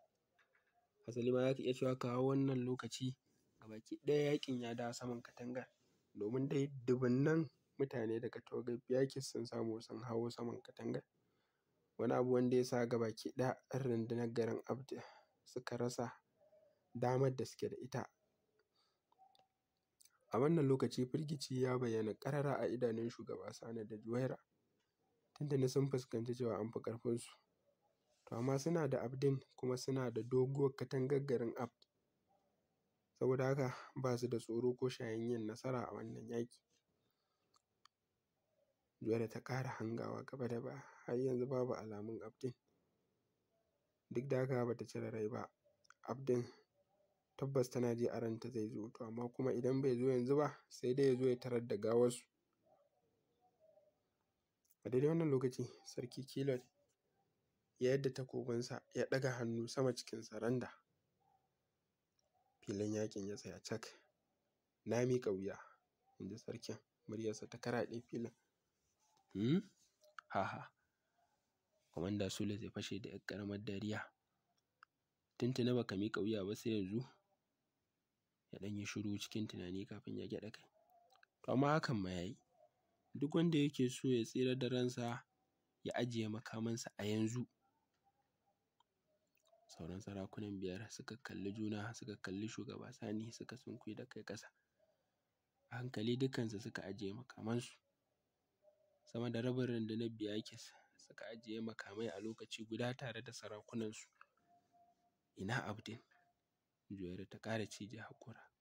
Asali ma za ka iya cewa kawo wannan lokaci gabaki ɗaya yaƙin ya dawo saman katanga domin dai dubunnan mutane daga tawagar Beaches sun samu sun hawo saman katanga wani abu wanda ya sa gabaki ɗaya 'yan rundunar garin Abd suka rasa damar da suke da ita. A wannan lokaci firgici ya bayyana ƙarara a idanun Shugaba Sani da Juwaira, tun sun fuskanci cewa an fi ƙarfinsu. To amma suna da Abdin kuma suna da doguwar katangar garin Abdi. saboda haka ba su da tsoro ko shayin yin nasara a wannan yaƙi. Joda ta ƙara hangawa gaba da baya har yanzu babu alamun Abdin. Duk da haka ba ta cire rai ba, Abdin tabbas tana ji a ranta zai zo to amma kuma idan bai zo yanzu ba sai dai ya zo ya tarar da gawarsu. A daidai wannan lokaci sarki Kilon ya yadda takobinsa ya ɗaga hannu sama cikin saranda. Filin yakin ya tsaya cak. Na miƙa wuya, in sarkin, muryarsa ta karaɗe filin. Hmm? Haha. Kwamanda Sule zai fashe da ƴar ƙaramar dariya. Tuntuni ba ka miƙa wuya ba sai yanzu? Ya ɗan yi shiru cikin tunani kafin ya gyaɗa kai. To amma hakan ma ya yi. Duk wanda yake so ya tsira da ransa ya ajiye makamansa a yanzu. Sauran sarakunan biyar suka kalli juna suka kalli shugaba Sani suka sunkuyi da kai ƙasa. A hankali dukkansu suka ajiye makamansu. Sama da rabin rundunar biyakis suka ajiye makamai a lokaci guda tare da sarakunansu. Ina Abdin? Juwaira ta ƙara cije haƙora.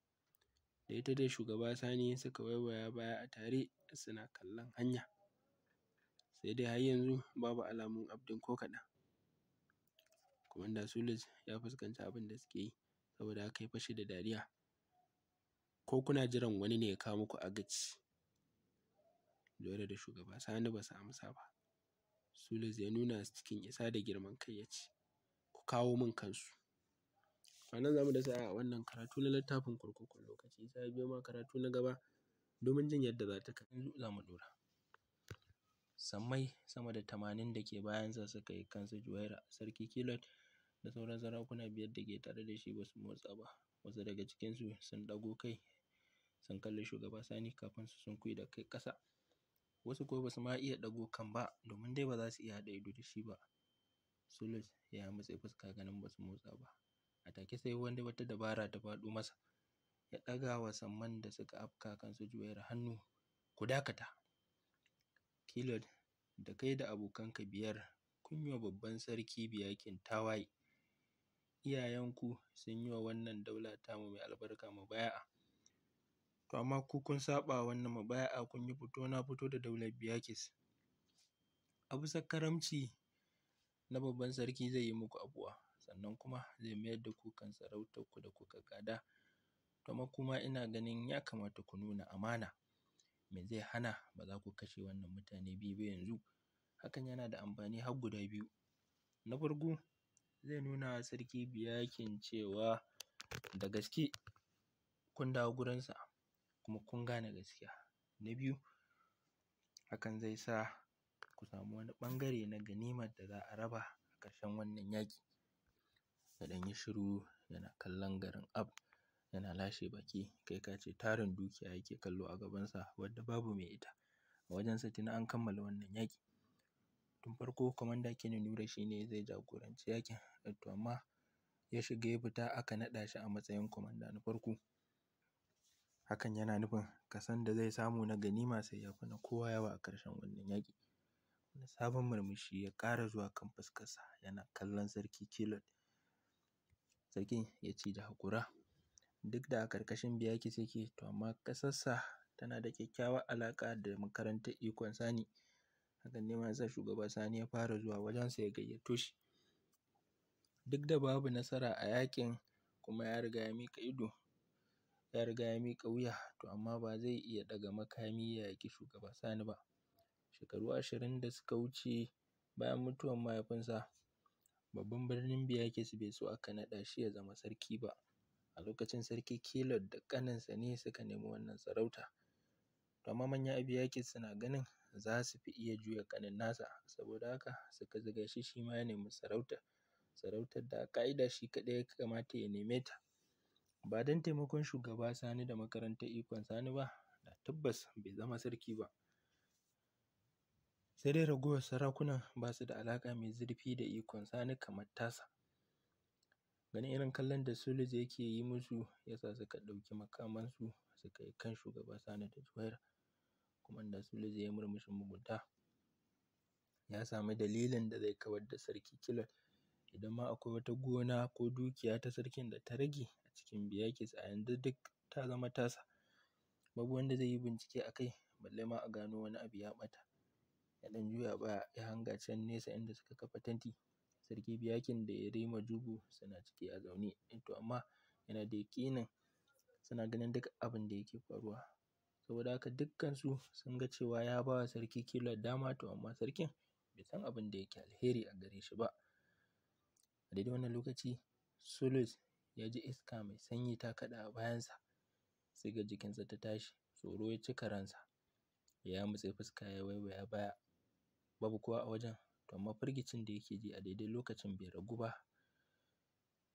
Da ita da shugaba Sani suka waiwaya baya a tare suna kallon hanya. Sai dai har yanzu babu alamun Abdin ko kaɗan. Komanda Sulis ya fuskanci abin da suke yi saboda haka ya fashe da dariya. Ko kuna jiran wani ne ya kawo muku agaji? Jauro da shugaba Sani ba su amsa ba. Sulis ya nuna cikin isa da girman kai ya ce, ku kawo min kansu. A nan za mu dasa a wannan karatu na littafin kurkukun lokaci sai biyo ma karatu na gaba domin jin yadda za ta kai za mu lura Sammai sama da tamanin da ke bayansa suka yi kansu juwaira sarki Kilot da sauran sarakuna biyar da ke tare da shi ba su motsa ba. Wasu daga cikinsu sun ɗago kai sun kalli shugaba Sani kafin su sunkuyi da kai ƙasa. wasu kuma su ma iya ɗago kan ba domin dai ba za su iya haɗa ido da shi ba. Sulus ya matse fuska ganin su motsa ba. A take sai wani wata dabara ta faɗo masa ya ɗaga wa samman da suka afka kansu su hannu ku dakata. Kilod da kai da abokanka biyar kun yi wa babban sarki biyakin tawaye. Iyayenku sun yi wa wannan daula tamu mai albarka mubaya'a To amma ku kun saɓa wa wannan mubaya'a kun yi fito na fito da daular Biyakis. A bisa karamci na babban sarki zai yi muku abuwa. sannan kuma zai mayar da ku kan sarautarku da kuka gada. To amma kuma ina ganin ya kamata ku nuna amana. Me zai hana ba za ku kashe wannan mutane biyu ba yanzu? Hakan yana da amfani har guda biyu. Na farko zai nuna wa sarki Biyakin cewa da gaske kun dawo gurinsa kuma kun gane gaskiya. Na biyu hakan zai sa ku samu wani ɓangare na ganimar da za a raba a ƙarshen wannan yaƙi. Ya ɗan yi shiru yana kallon garin Ab yana lashe baki kai ka ce tarin dukiya yake kallo a gabansa wadda babu mai ita. A wajensa tuni an kammala wannan yaƙi. Tun farko Kwamanda Keni Nura shi ne zai jagoranci yaƙin to amma ya shiga ya fita aka naɗa shi a matsayin kwamanda na farko. hakan yana nufin kason da zai samu na ganima sai ya fi na kowa yawa a ƙarshen wannan yaƙi wani sabon murmushi ya ƙara zuwa kan fuskarsa yana kallon sarki kilon sarkin ya da haƙura. duk da a ƙarƙashin sa yake to amma ƙasarsa tana da kyakkyawar alaƙa da makarantar ikon Sani hakan ne ma sa shugaba Sani ya fara zuwa wajensa ya gayyato shi duk da babu nasara a yaƙin kuma ya riga ya miƙa ido ya riga ya miƙa wuya to amma ba zai iya ɗaga makami ya yaƙi shugaba Sani ba. Shekaru ashirin da suka wuce bayan mutuwan mahaifinsa babban birnin biyakis bai so aka naɗa shi ya zama sarki ba. A lokacin sarki kilot da ƙaninsa ne suka nemi wannan sarauta. To amma manyan Biyafis suna ganin za su fi iya juya ƙanin nasa saboda haka suka zuga shi shi ya nemi sarautar, sarautar da a ƙa'ida shi kaɗai ya kamata ya neme ta. Ba don taimakon shugaba Sani da makarantar Ikon Sani ba, da tabbas bai zama sarki ba. Sai dai ragowar sarakunan ba su da alaƙa mai zurfi da Ikon Sani kamar tasa. Ganin irin kallon da Sulus yake yi musu ya sa suka ɗauki makamansu su yi kan shugaba Sani da Zubair. Kuma da Sulus ya yi murmushin mugunta, ya sami dalilin da zai kawar da sarki Kilon. Idan ma akwai wata gona ko dukiya ta sarkin da ta rage a cikin biyakis a yanzu duk ta zama tasa. Babu wanda zai yi bincike a kai balle ma a gano wani abu ya ɓata. Ya ɗan juya baya ya hanga can nesa inda suka kafa tanti, Sarki Biyakin da Yarima Jugu suna ciki a zaune. Eh to amma yana da yaƙinin suna ganin duk abin da yake faruwa. Saboda haka dukkansu sun ga cewa ya ba wa sarki kila dama to amma sarkin bai san abin da yake alheri a gare shi ba. A daidai wannan lokaci Solus ya ji iska mai sanyi ta kaɗa a bayansa, ga jikinsa ta tashi, tsoro ya cika ransa. Ya mutse fuska ya waiwaya baya, babu kowa a wajen, to amma firgicin da yake ji a daidai lokacin bai ragu ba.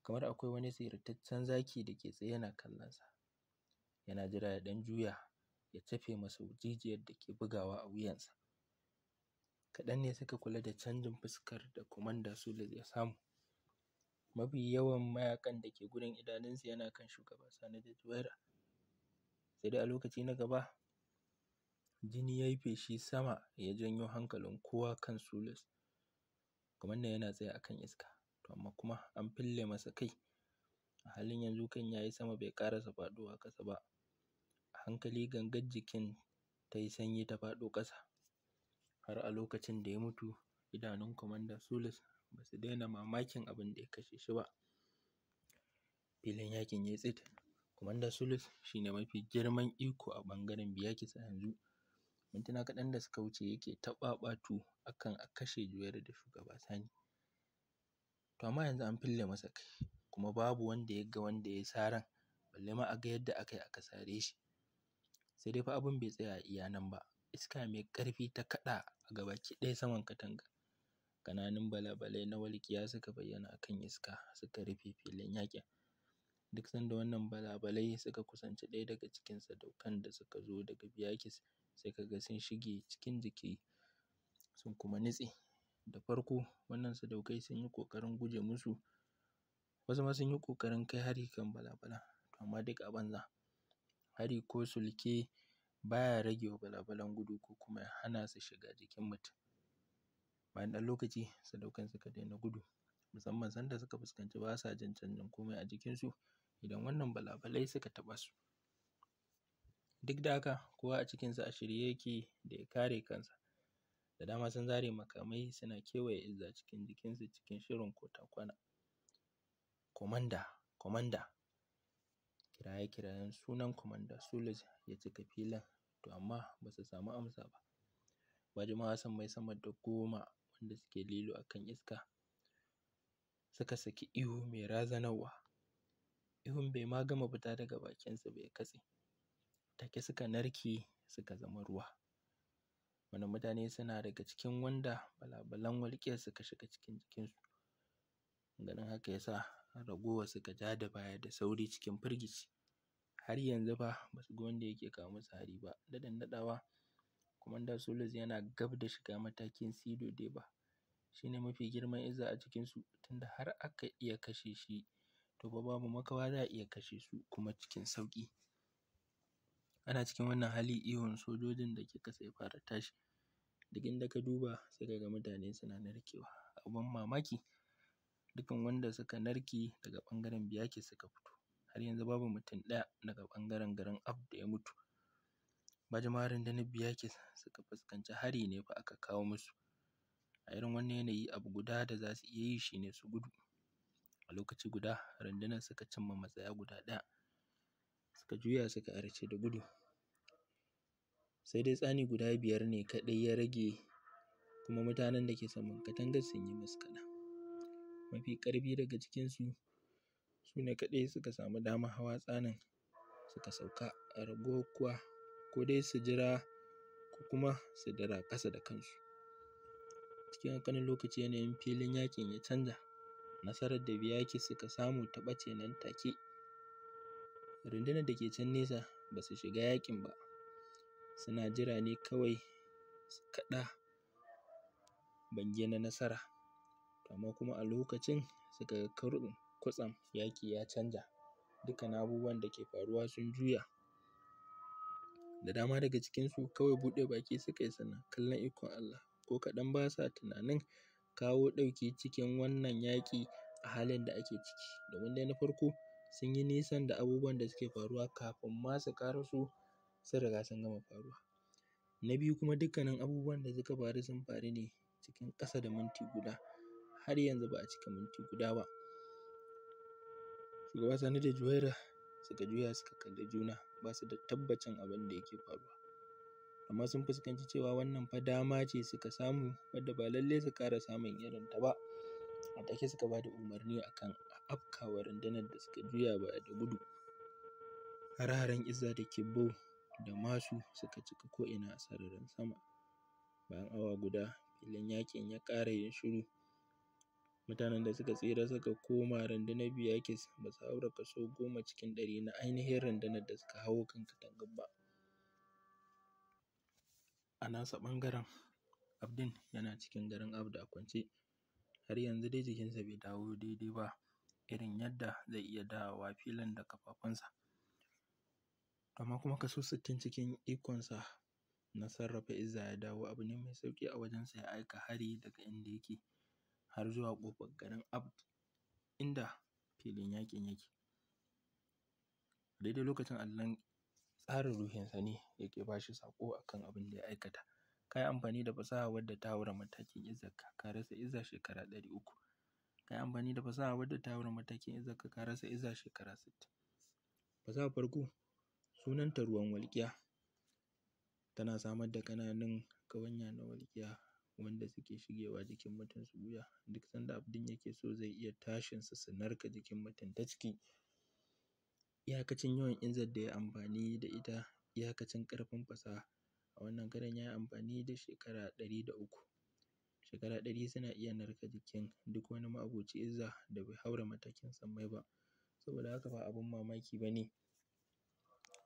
Kamar akwai wani tsirotaccen zaki da ke tsaye yana kallonsa, yana jira ya ɗan juya ya cafe masa jijiyar da ke bugawa a wuyansa. Kaɗan ne suka kula da canjin fuskar da komanda Solus ya samu. Mafi yawan mayaƙan da ke gurin idanunsu yana kan shugaba Sani Jubairu. Sai dai a lokaci na gaba, jini ya yi feshi sama ya janyo hankalin kowa kan Sules. Kwamandan yana tsaye a kan iska, to amma kuma an fille masa kai. A halin yanzu kan ya yi sama bai ƙarasa faɗowa ƙasa ba. A hankali gangar jikin ta yi sanyi ta faɗo ƙasa. Har a lokacin da ya mutu, idanun Kwamandan Sules Basu daina mamakin abin da ya kashe shi ba. Filin yaƙin ya yi tsit, Kwamandan Sulus shi ne mafi girman iko a ɓangaren Biyafis a yanzu. Mintuna kaɗan da suka wuce yake ta ɓaɓatu a kan a kashe Joyar da Shugaba Sani. To amma yanzu an fille masa kai, kuma babu wanda ya ga wanda ya yi saran, balle ma a ga yadda aka yi aka sare shi. Sai dai fa abin bai tsaya a iya nan ba, iska mai ƙarfi ta kaɗa a gabaki ɗaya saman katangar. Ƙananun balabalai na walƙiya suka bayyana a kan iska suka rufe filin yaƙin. Duk sanda wannan balabalai suka kusanci ɗaya daga cikin sadaukan da suka zo daga Biyakis sai ka ga sun shige cikin jiki sun kuma nutse. Da farko wannan sadaukai sun yi ƙoƙarin guje musu, wasu ma sun yi ƙoƙarin kai hari kan balabalan to amma duk a banza. Hari ko sulke ba ya rage wa balabalan gudu ko kuma ya hana su shiga jikin mutum. bayan ɗan lokaci sadaukan suka daina gudu musamman sanda suka fuskanci ba sa jin canjin komai a jikinsu idan wannan balabalai suka taɓa su duk da haka kowa a cikinsu a shirye yake da ya kare kansa da dama sun zare makamai suna kewaye Izza cikin jikinsu cikin shirin kota-kwana Kwamanda kiraye-kirayen sunan Kwamanda sulus ya cika filin to amma ba su samu amsa ba ba jimawa sun mai sama da goma da suke lilo a kan iska suka saki ihu mai razanarwa ihun bai ma gama fita daga su ba ya katse take suka narke suka zama ruwa Wani mutane suna daga cikin wanda balabalan walƙiyar suka shiga cikin jikinsu ganin haka ya sa ragowar suka ja da baya da sauri cikin firgici har yanzu fa ba su ga wanda yake kawo musu hari ba daɗin daɗawa Commander solis yana gab da shiga matakin Sido Deba, shi ne mafi girman izza a cikinsu tunda har aka iya kashe shi to ba babu makawa za a iya kashe su kuma cikin sauƙi. Ana cikin wannan hali ihun sojojin da ke ƙasa ya fara tashi, duk inda ka duba sai ka ga mutane suna narkewa. Abin mamaki dukan wanda suka narke daga ɓangaren biyaki suka fito, har yanzu babu mutum ɗaya daga ɓangaren garin Ab da ya mutu. bajimarin da na suka fuskanci hari ne fa aka kawo musu a irin wannan yanayi abu guda da za su iya yi shi ne su gudu a lokaci guda rundunar suka cimma matsaya guda ɗaya suka juya suka arce da gudu sai dai tsani guda biyar ne kaɗai ya rage kuma mutanen da ke saman katangar sun yi musu mafi ƙarfi daga cikinsu su ne kaɗai suka samu damar hawa tsanin suka sauka ragowar kuwa ko dai su jira ko kuma su dira ƙasa da kansu. Cikin ƙanƙanin lokaci yanayin filin yaƙin ya canza, nasarar da biyaki suka samu ta ɓace nan take. Rundunar da ke can nesa ba su shiga yaƙin ba, suna jira ne kawai su kaɗa bange na nasara, amma kuma a lokacin suka ga kurum kwatsam yaƙi ya canza. dukkanin abubuwan da ke faruwa sun juya. Da dama daga cikinsu kawai buɗe baki suka yi suna kallon ikon Allah, ko kaɗan ba sa tunanin kawo ɗauki cikin wannan yaƙi a halin da ake ciki, domin dai na farko sun yi nisan da abubuwan da suke faruwa kafin ma su ƙaraso sun riga sun gama faruwa. Na biyu kuma dukkanin abubuwan da suka faru sun faru ne cikin ƙasa da minti guda, har yanzu ba a cika minti guda ba. Shugaba Sani da juwaira suka juya suka kalli juna. ba su da tabbacin abin da yake faruwa amma sun fuskanci cewa wannan fa dama ce suka samu wadda ba lallai su ƙara samun irin ta ba a take suka ba da umarni a kan a afkawa rundunar da suka juya baya da gudu hare-haren da Kibbo da Masu suka cika ko'ina a sararin sama bayan awa guda filin yaƙin ya ƙara yin shiru Mutanen da suka tsira suka koma rundunar Biyakis ba su kaso goma cikin ɗari na ainihin rundunar da suka hau kan katangar ba. A nasa ɓangaren, Abdin yana cikin garin Abda a kwance, har yanzu dai jikinsa bai dawo daidai ba irin yadda zai iya dawowa filin da ƙafafunsa. Amma kuma kaso sittin cikin ikonsa na sarrafa Izza ya dawo abu ne mai sauƙi a wajensa ya aika hari daga inda yake. har zuwa ƙofar garin Abd inda filin yaƙin yake. daidai lokacin allon tsarin ruhinsa ne yake ba shi saƙo a kan abin da ya aikata. Ka yi amfani da fasaha wadda ta haura matakin izzarka, ka rasa iza shekara ɗari uku. Ka yi amfani da fasaha wadda ta haura matakin izzarka, ka rasa iza shekara sittin. Fasahar farko sunanta ruwan walƙiya, tana samar da ƙananun ƙawanya na walƙiya. wanda suke shigewa jikin mutum su ɓuya duk sanda abin yake so zai iya tashin su su narka jikin mutum ta ciki iyakacin yawan inzar da ya amfani da ita iyakacin ƙarfin fasaha a wannan karon ya yi amfani da shekara ɗari da uku shekara ɗari suna iya narka jikin duk wani ma'aboci izza da bai haura matakin sammai ba saboda haka ba abin mamaki ba ne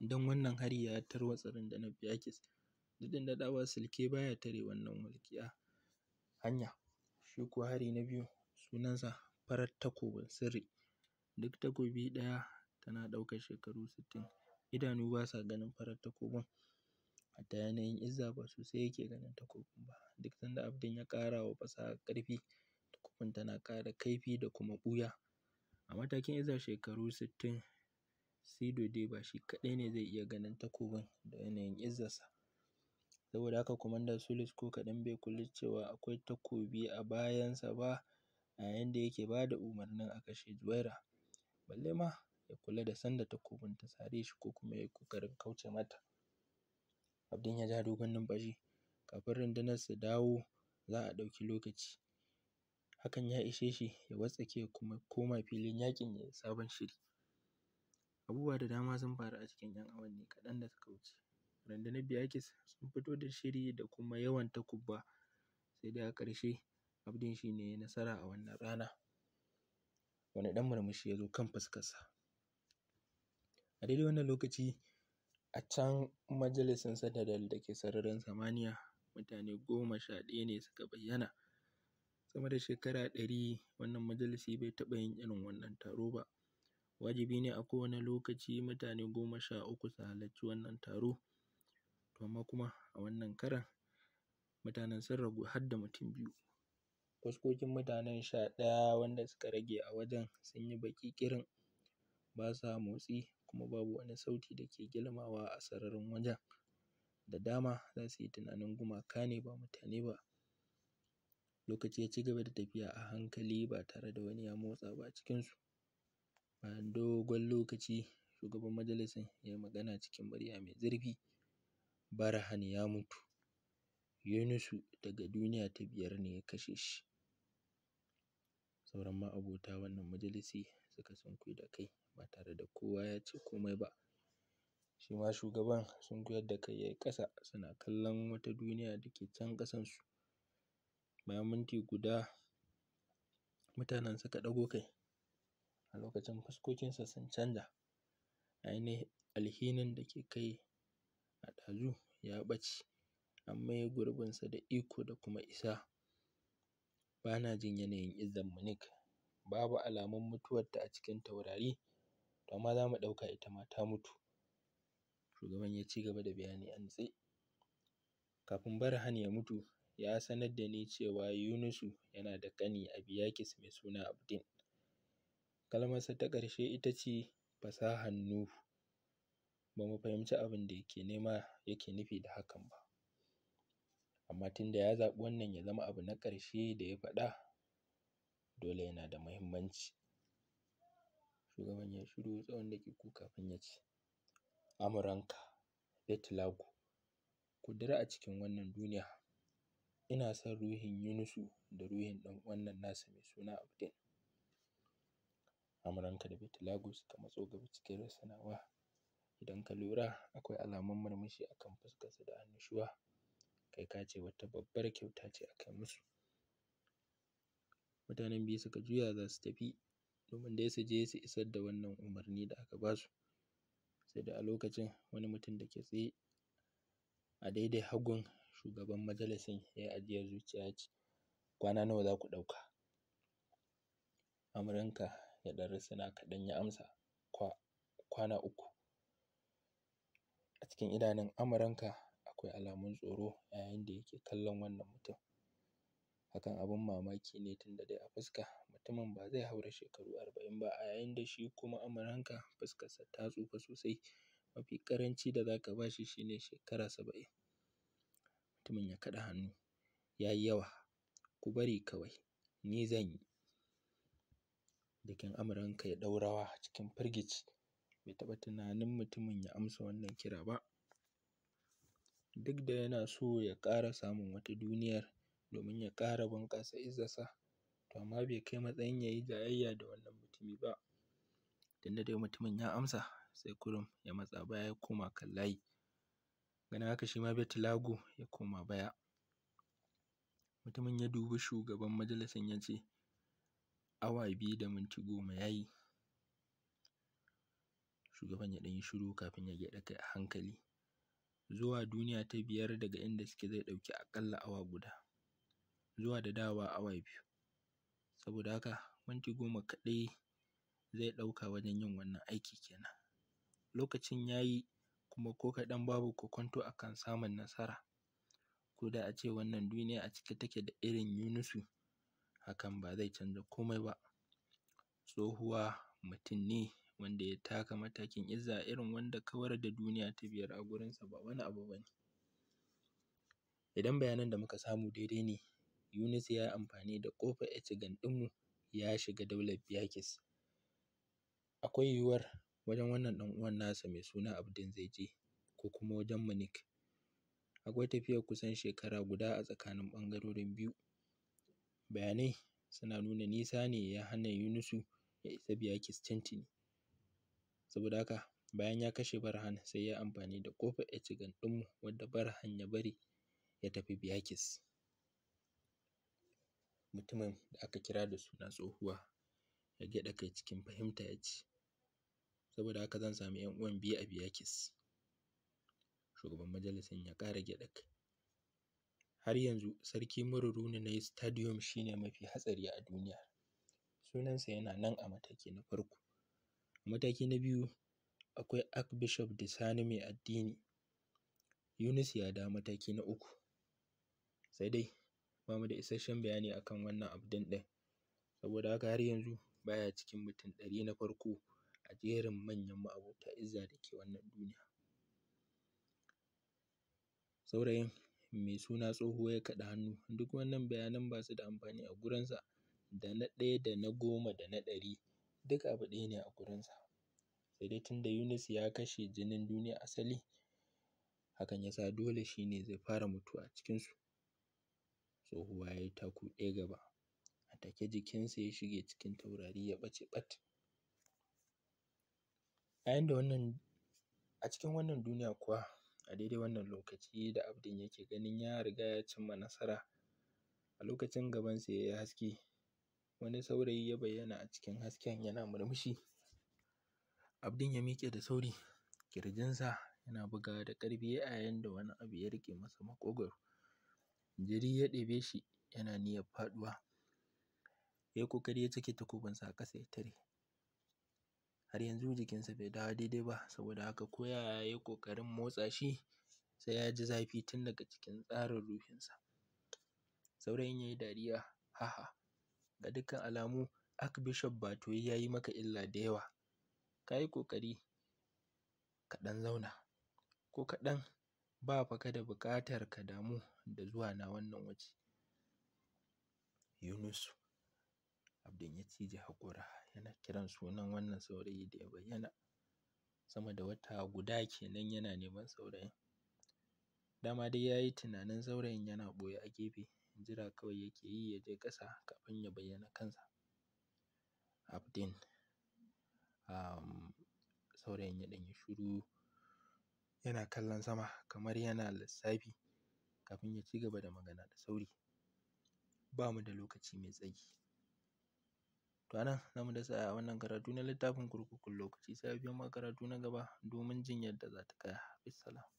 don wannan hari ya tarwatsa na Bilkis Daɗin daɗawa silke baya tare wannan walƙiya hanya. Shi kuwa hari na biyu sunansa farar takobin sirri. Duk takobi ɗaya tana ɗaukar shekaru sittin. Idanu ba sa ganin farar takobin. Hatta yanayin Izza ba sosai yake ganin takobin ba. Duk sanda Abdin ya ƙara wa fasaha ƙarfi, takobin tana ƙara kaifi da kuma ɓuya. A matakin iza shekaru sittin, Sido dai ba shi kaɗai ne zai iya ganin takobin da yanayin izzarsa. Saboda haka Commander Sulis ko kaɗan bai kula cewa akwai takobi a bayansa ba a yayin da yake bada umarnin a kashe Juwaira, balle ma ya kula da sanda takobin ta sare shi ko kuma ya yi ƙoƙarin kauce mata. Abdin ya ja dogon numfashi. Kafin rundunar su dawo za a ɗauki lokaci. Hakan ya ishe shi ya wattsake ya kuma koma filin yaƙin ya yi sabon shiri. Abubuwa da dama sun faru a cikin ‘yan awanni kaɗan da suka wuce. rundunar Biyakis sun fito da shiri da kuma yawan takubba, sai dai a ƙarshe Abdin shi ne ya nasara a wannan rana. Wani ɗan murmushi ya zo kan fuskarsa. A daidai wannan lokaci a can majalisin sadadal da ke sararin samaniya mutane goma sha ɗaya ne suka bayyana. Sama da shekara ɗari wannan majalisi bai taɓa yin irin wannan taro ba. Wajibi ne a kowane lokaci mutane goma sha uku su halarci wannan taro. to amma kuma a wannan karan, mutanen sun ragu da mutum biyu fuskokin mutanen sha ɗaya wanda suka rage a wajen sun yi baƙi ƙirin ba sa motsi kuma babu wani sauti da ke girmamawa a sararin wajen da dama za su yi tunanin gumaka ne ba mutane ba lokaci ya cigaba da tafiya a hankali ba tare da wani ya motsa ba a cikinsu bayan dogon lokaci shugaban majalisan ya yi magana cikin murya mai zurfi Barhan ya mutu, Yunusu daga duniya ta biyar ne ya kashe shi. Sauran ma'abota wannan majalisi suka sunkuyar da kai ba tare da kowa ya ce komai ba. Shi ma shugaban sunkuyar da kai ya yi ƙasa suna kallon wata duniya da ke can ƙasansu. Bayan minti guda mutanen suka ɗago kai, a lokacin fuskokinsu sun canza. ainihin alhinin da ke kai a ɗazu ya ɓace an maye gurbinsa da iko da kuma isa. Bana jin yanayin izzar Munich, babu alamun mutuwarta a cikin taurari, to amma za mu ɗauka ita ma ta mutu. Shugaban ya ci gaba da bayani a nutse. Kafin barhan ya mutu, ya sanar da ni cewa Yunusu yana da ƙani a Abiyakis mai suna Abdin. Kalmarsa ta ƙarshe ita ce fasahar Nuhu. ba mu fahimci abin da yake nema yake nufi da hakan ba amma tunda ya zaɓi wannan ya zama abu na ƙarshe da ya faɗa dole yana da mahimmanci. shugaban ya shiru tsawon daƙiƙu kafin ya ci. amuranka betilago ƙudiri a cikin wannan duniya ina son ruhin yunusu da ruhin ɗan wannan nasa mai suna abdin amuranka da betilago suka matso gaba cikin rassanawa. Idan ka lura akwai alamun murmushi a kan fuskarsu da annushuwa, kai ka ce wata babbar kyauta ce aka yi musu. Mutanen biyu suka juya za su tafi domin dai su je su isar da wannan umarni da aka ba su. Sai dai a lokacin wani mutum da ke tsaye a daidai hagun shugaban majalisin ya yi ajiyar zuciya ya ce, kwana nawa za ku ɗauka? Amurinka ya ɗan risina kaɗan ya amsa, kwana uku. A cikin idanun Amuranka, akwai alamun tsoro yayin da yake kallon wannan mutum. Hakan abin mamaki ne tunda dai a fuska mutumin ba zai haura shekaru arba'in ba a yayin da shi kuma Amuranka, fuskarsa ta tsufa sosai. Mafi ƙaranci da za ka ba shi shi ne shekara saba'in. Mutumin ya kaɗa hannu, ya yi yawa, ku bari kawai, ni zan yi. Jikin Amuranka ya ɗau rawa cikin firgici. bai taɓa tunanin mutumin ya amsa wannan kira ba duk da yana so ya ƙara samun wata duniyar domin ya ƙara bunƙasa izzarsa to amma bai kai matsayin ya yi jayayya da wannan mutumi ba tunda dai mutumin ya amsa sai kurum ya matsa baya ya koma kan layi ganin haka shi ma Betulago ya koma baya mutumin ya dubi shugaban majalisar ya ce awa biyu da minti goma ya yi shugaban ya ɗan yi shiru kafin ya gyaɗa kai a hankali. Zuwa duniya ta biyar daga inda suke zai ɗauki aƙalla awa guda, zuwa da dawowa awa biyu. Saboda haka minti goma kaɗai zai ɗauka wajen yin wannan aiki kenan. Lokacin ya yi kuma ko kaɗan babu kokwanto akan samun nasara. Ko da a ce wannan duniya a cike take da irin Yunusu, hakan ba zai canza komai ba. Tsohuwa mutum ne wanda ya taka matakin izza irin wanda kawar da duniya ta biyar a gurinsa ba wani abu ba ne. Idan bayanan da muka samu daidai ne Yunus ya yi amfani da ƙofar Echigan ɗinmu ya shiga daular Biyakis. Akwai yiwuwar wajen wannan ɗan uwan nasa mai suna Abdin zai je ko kuma wajen Minik. Akwai tafiyar kusan shekara guda a tsakanin ɓangarorin biyu. Bayanai suna nuna nisa ne ya hana Yunusu ya isa Biyakis Tini. Saboda haka bayan ya kashe Barhan sai ya yi amfani da ƙofar ecigan ɗinmu wanda Barhan ya bari ya tafi Biyakis. Mutumin da aka kira da suna tsohuwa ya gyaɗa kai cikin fahimta ya ce, saboda haka zan samu ‘yan uwan biyu a Biyakis. Shugaban majalisar ya ƙara gyaɗa kai. Har yanzu sarki na yi Stadium shi ne mafi hatsari a duniya. Sunansa yana nan a mataki na farko. mataki na biyu akwai Archbishop Sani mai addini Yunus Yada mataki na uku sai dai ba mu da isasshen bayani akan wannan abu ɗin saboda haka har yanzu ba ya cikin mutum ɗari na farko a jerin manyan ma'abota izza da ke wannan duniya saurayin mai suna tsoho ya kaɗa hannu duk wannan bayanan ba su da amfani a gurinsa da na ɗaya da na goma da na ɗari duk abu ɗaya ne a gurinsa. Sai dai tunda Yunus ya kashe jinin duniya asali, hakan yasa dole shi ne zai fara mutuwa a cikinsu. Tsohuwa ya yi taku ɗaya gaba, a take jikinsa ya shige cikin taurari ya ɓace ɓat. a yanda wannan a cikin wannan duniya kuwa a daidai wannan lokaci da Abdin yake ganin ya riga ya cimma nasara, a lokacin gabansa ya yi haske wani saurayi ya bayyana a cikin hasken yana murmushi. Abdin ya miƙe da sauri, ƙirjinsa yana bugawa da ƙarfi yayin da wani abu ya riƙe masa maƙogwaro. Jiri ya ɗebe shi yana niyyar faɗuwa, ya yi ƙoƙari ya cake takobinsa a ƙasa ya tare. Har yanzu jikinsa bai dawo daidai ba saboda haka ko yaya ya yi ƙoƙarin motsa shi sai ya ji zafi tun daga cikin tsarin ruhinsa. Saurayin ya yi dariya, haha. ga dukkan alamu Archbishop Batoyi ya yi maka illa da yawa, ka yi ƙoƙari ka ɗan zauna ko kaɗan ba fa ka da buƙatar ka damu da zuwa na wannan waje. Yunus, Abdin ya cije haƙora yana kiran sunan wannan saurayi da ya bayyana sama da wata guda kenan yana neman saurayin. Dama dai ya yi tunanin saurayin yana ɓoye a gefe jira kawai yake yi ya je ƙasa kafin ya bayyana kansa. abdin um, saurayin ya ɗan yi shiru yana kallon sama kamar yana lissafi kafin ya ci gaba da magana da sauri. Ba mu da lokaci mai tsayi. To anan, nan za mu dasa a wannan karatu na littafin kurkukun lokaci sai a biyo karatu na gaba domin jin yadda za ta kaya. Bissalam.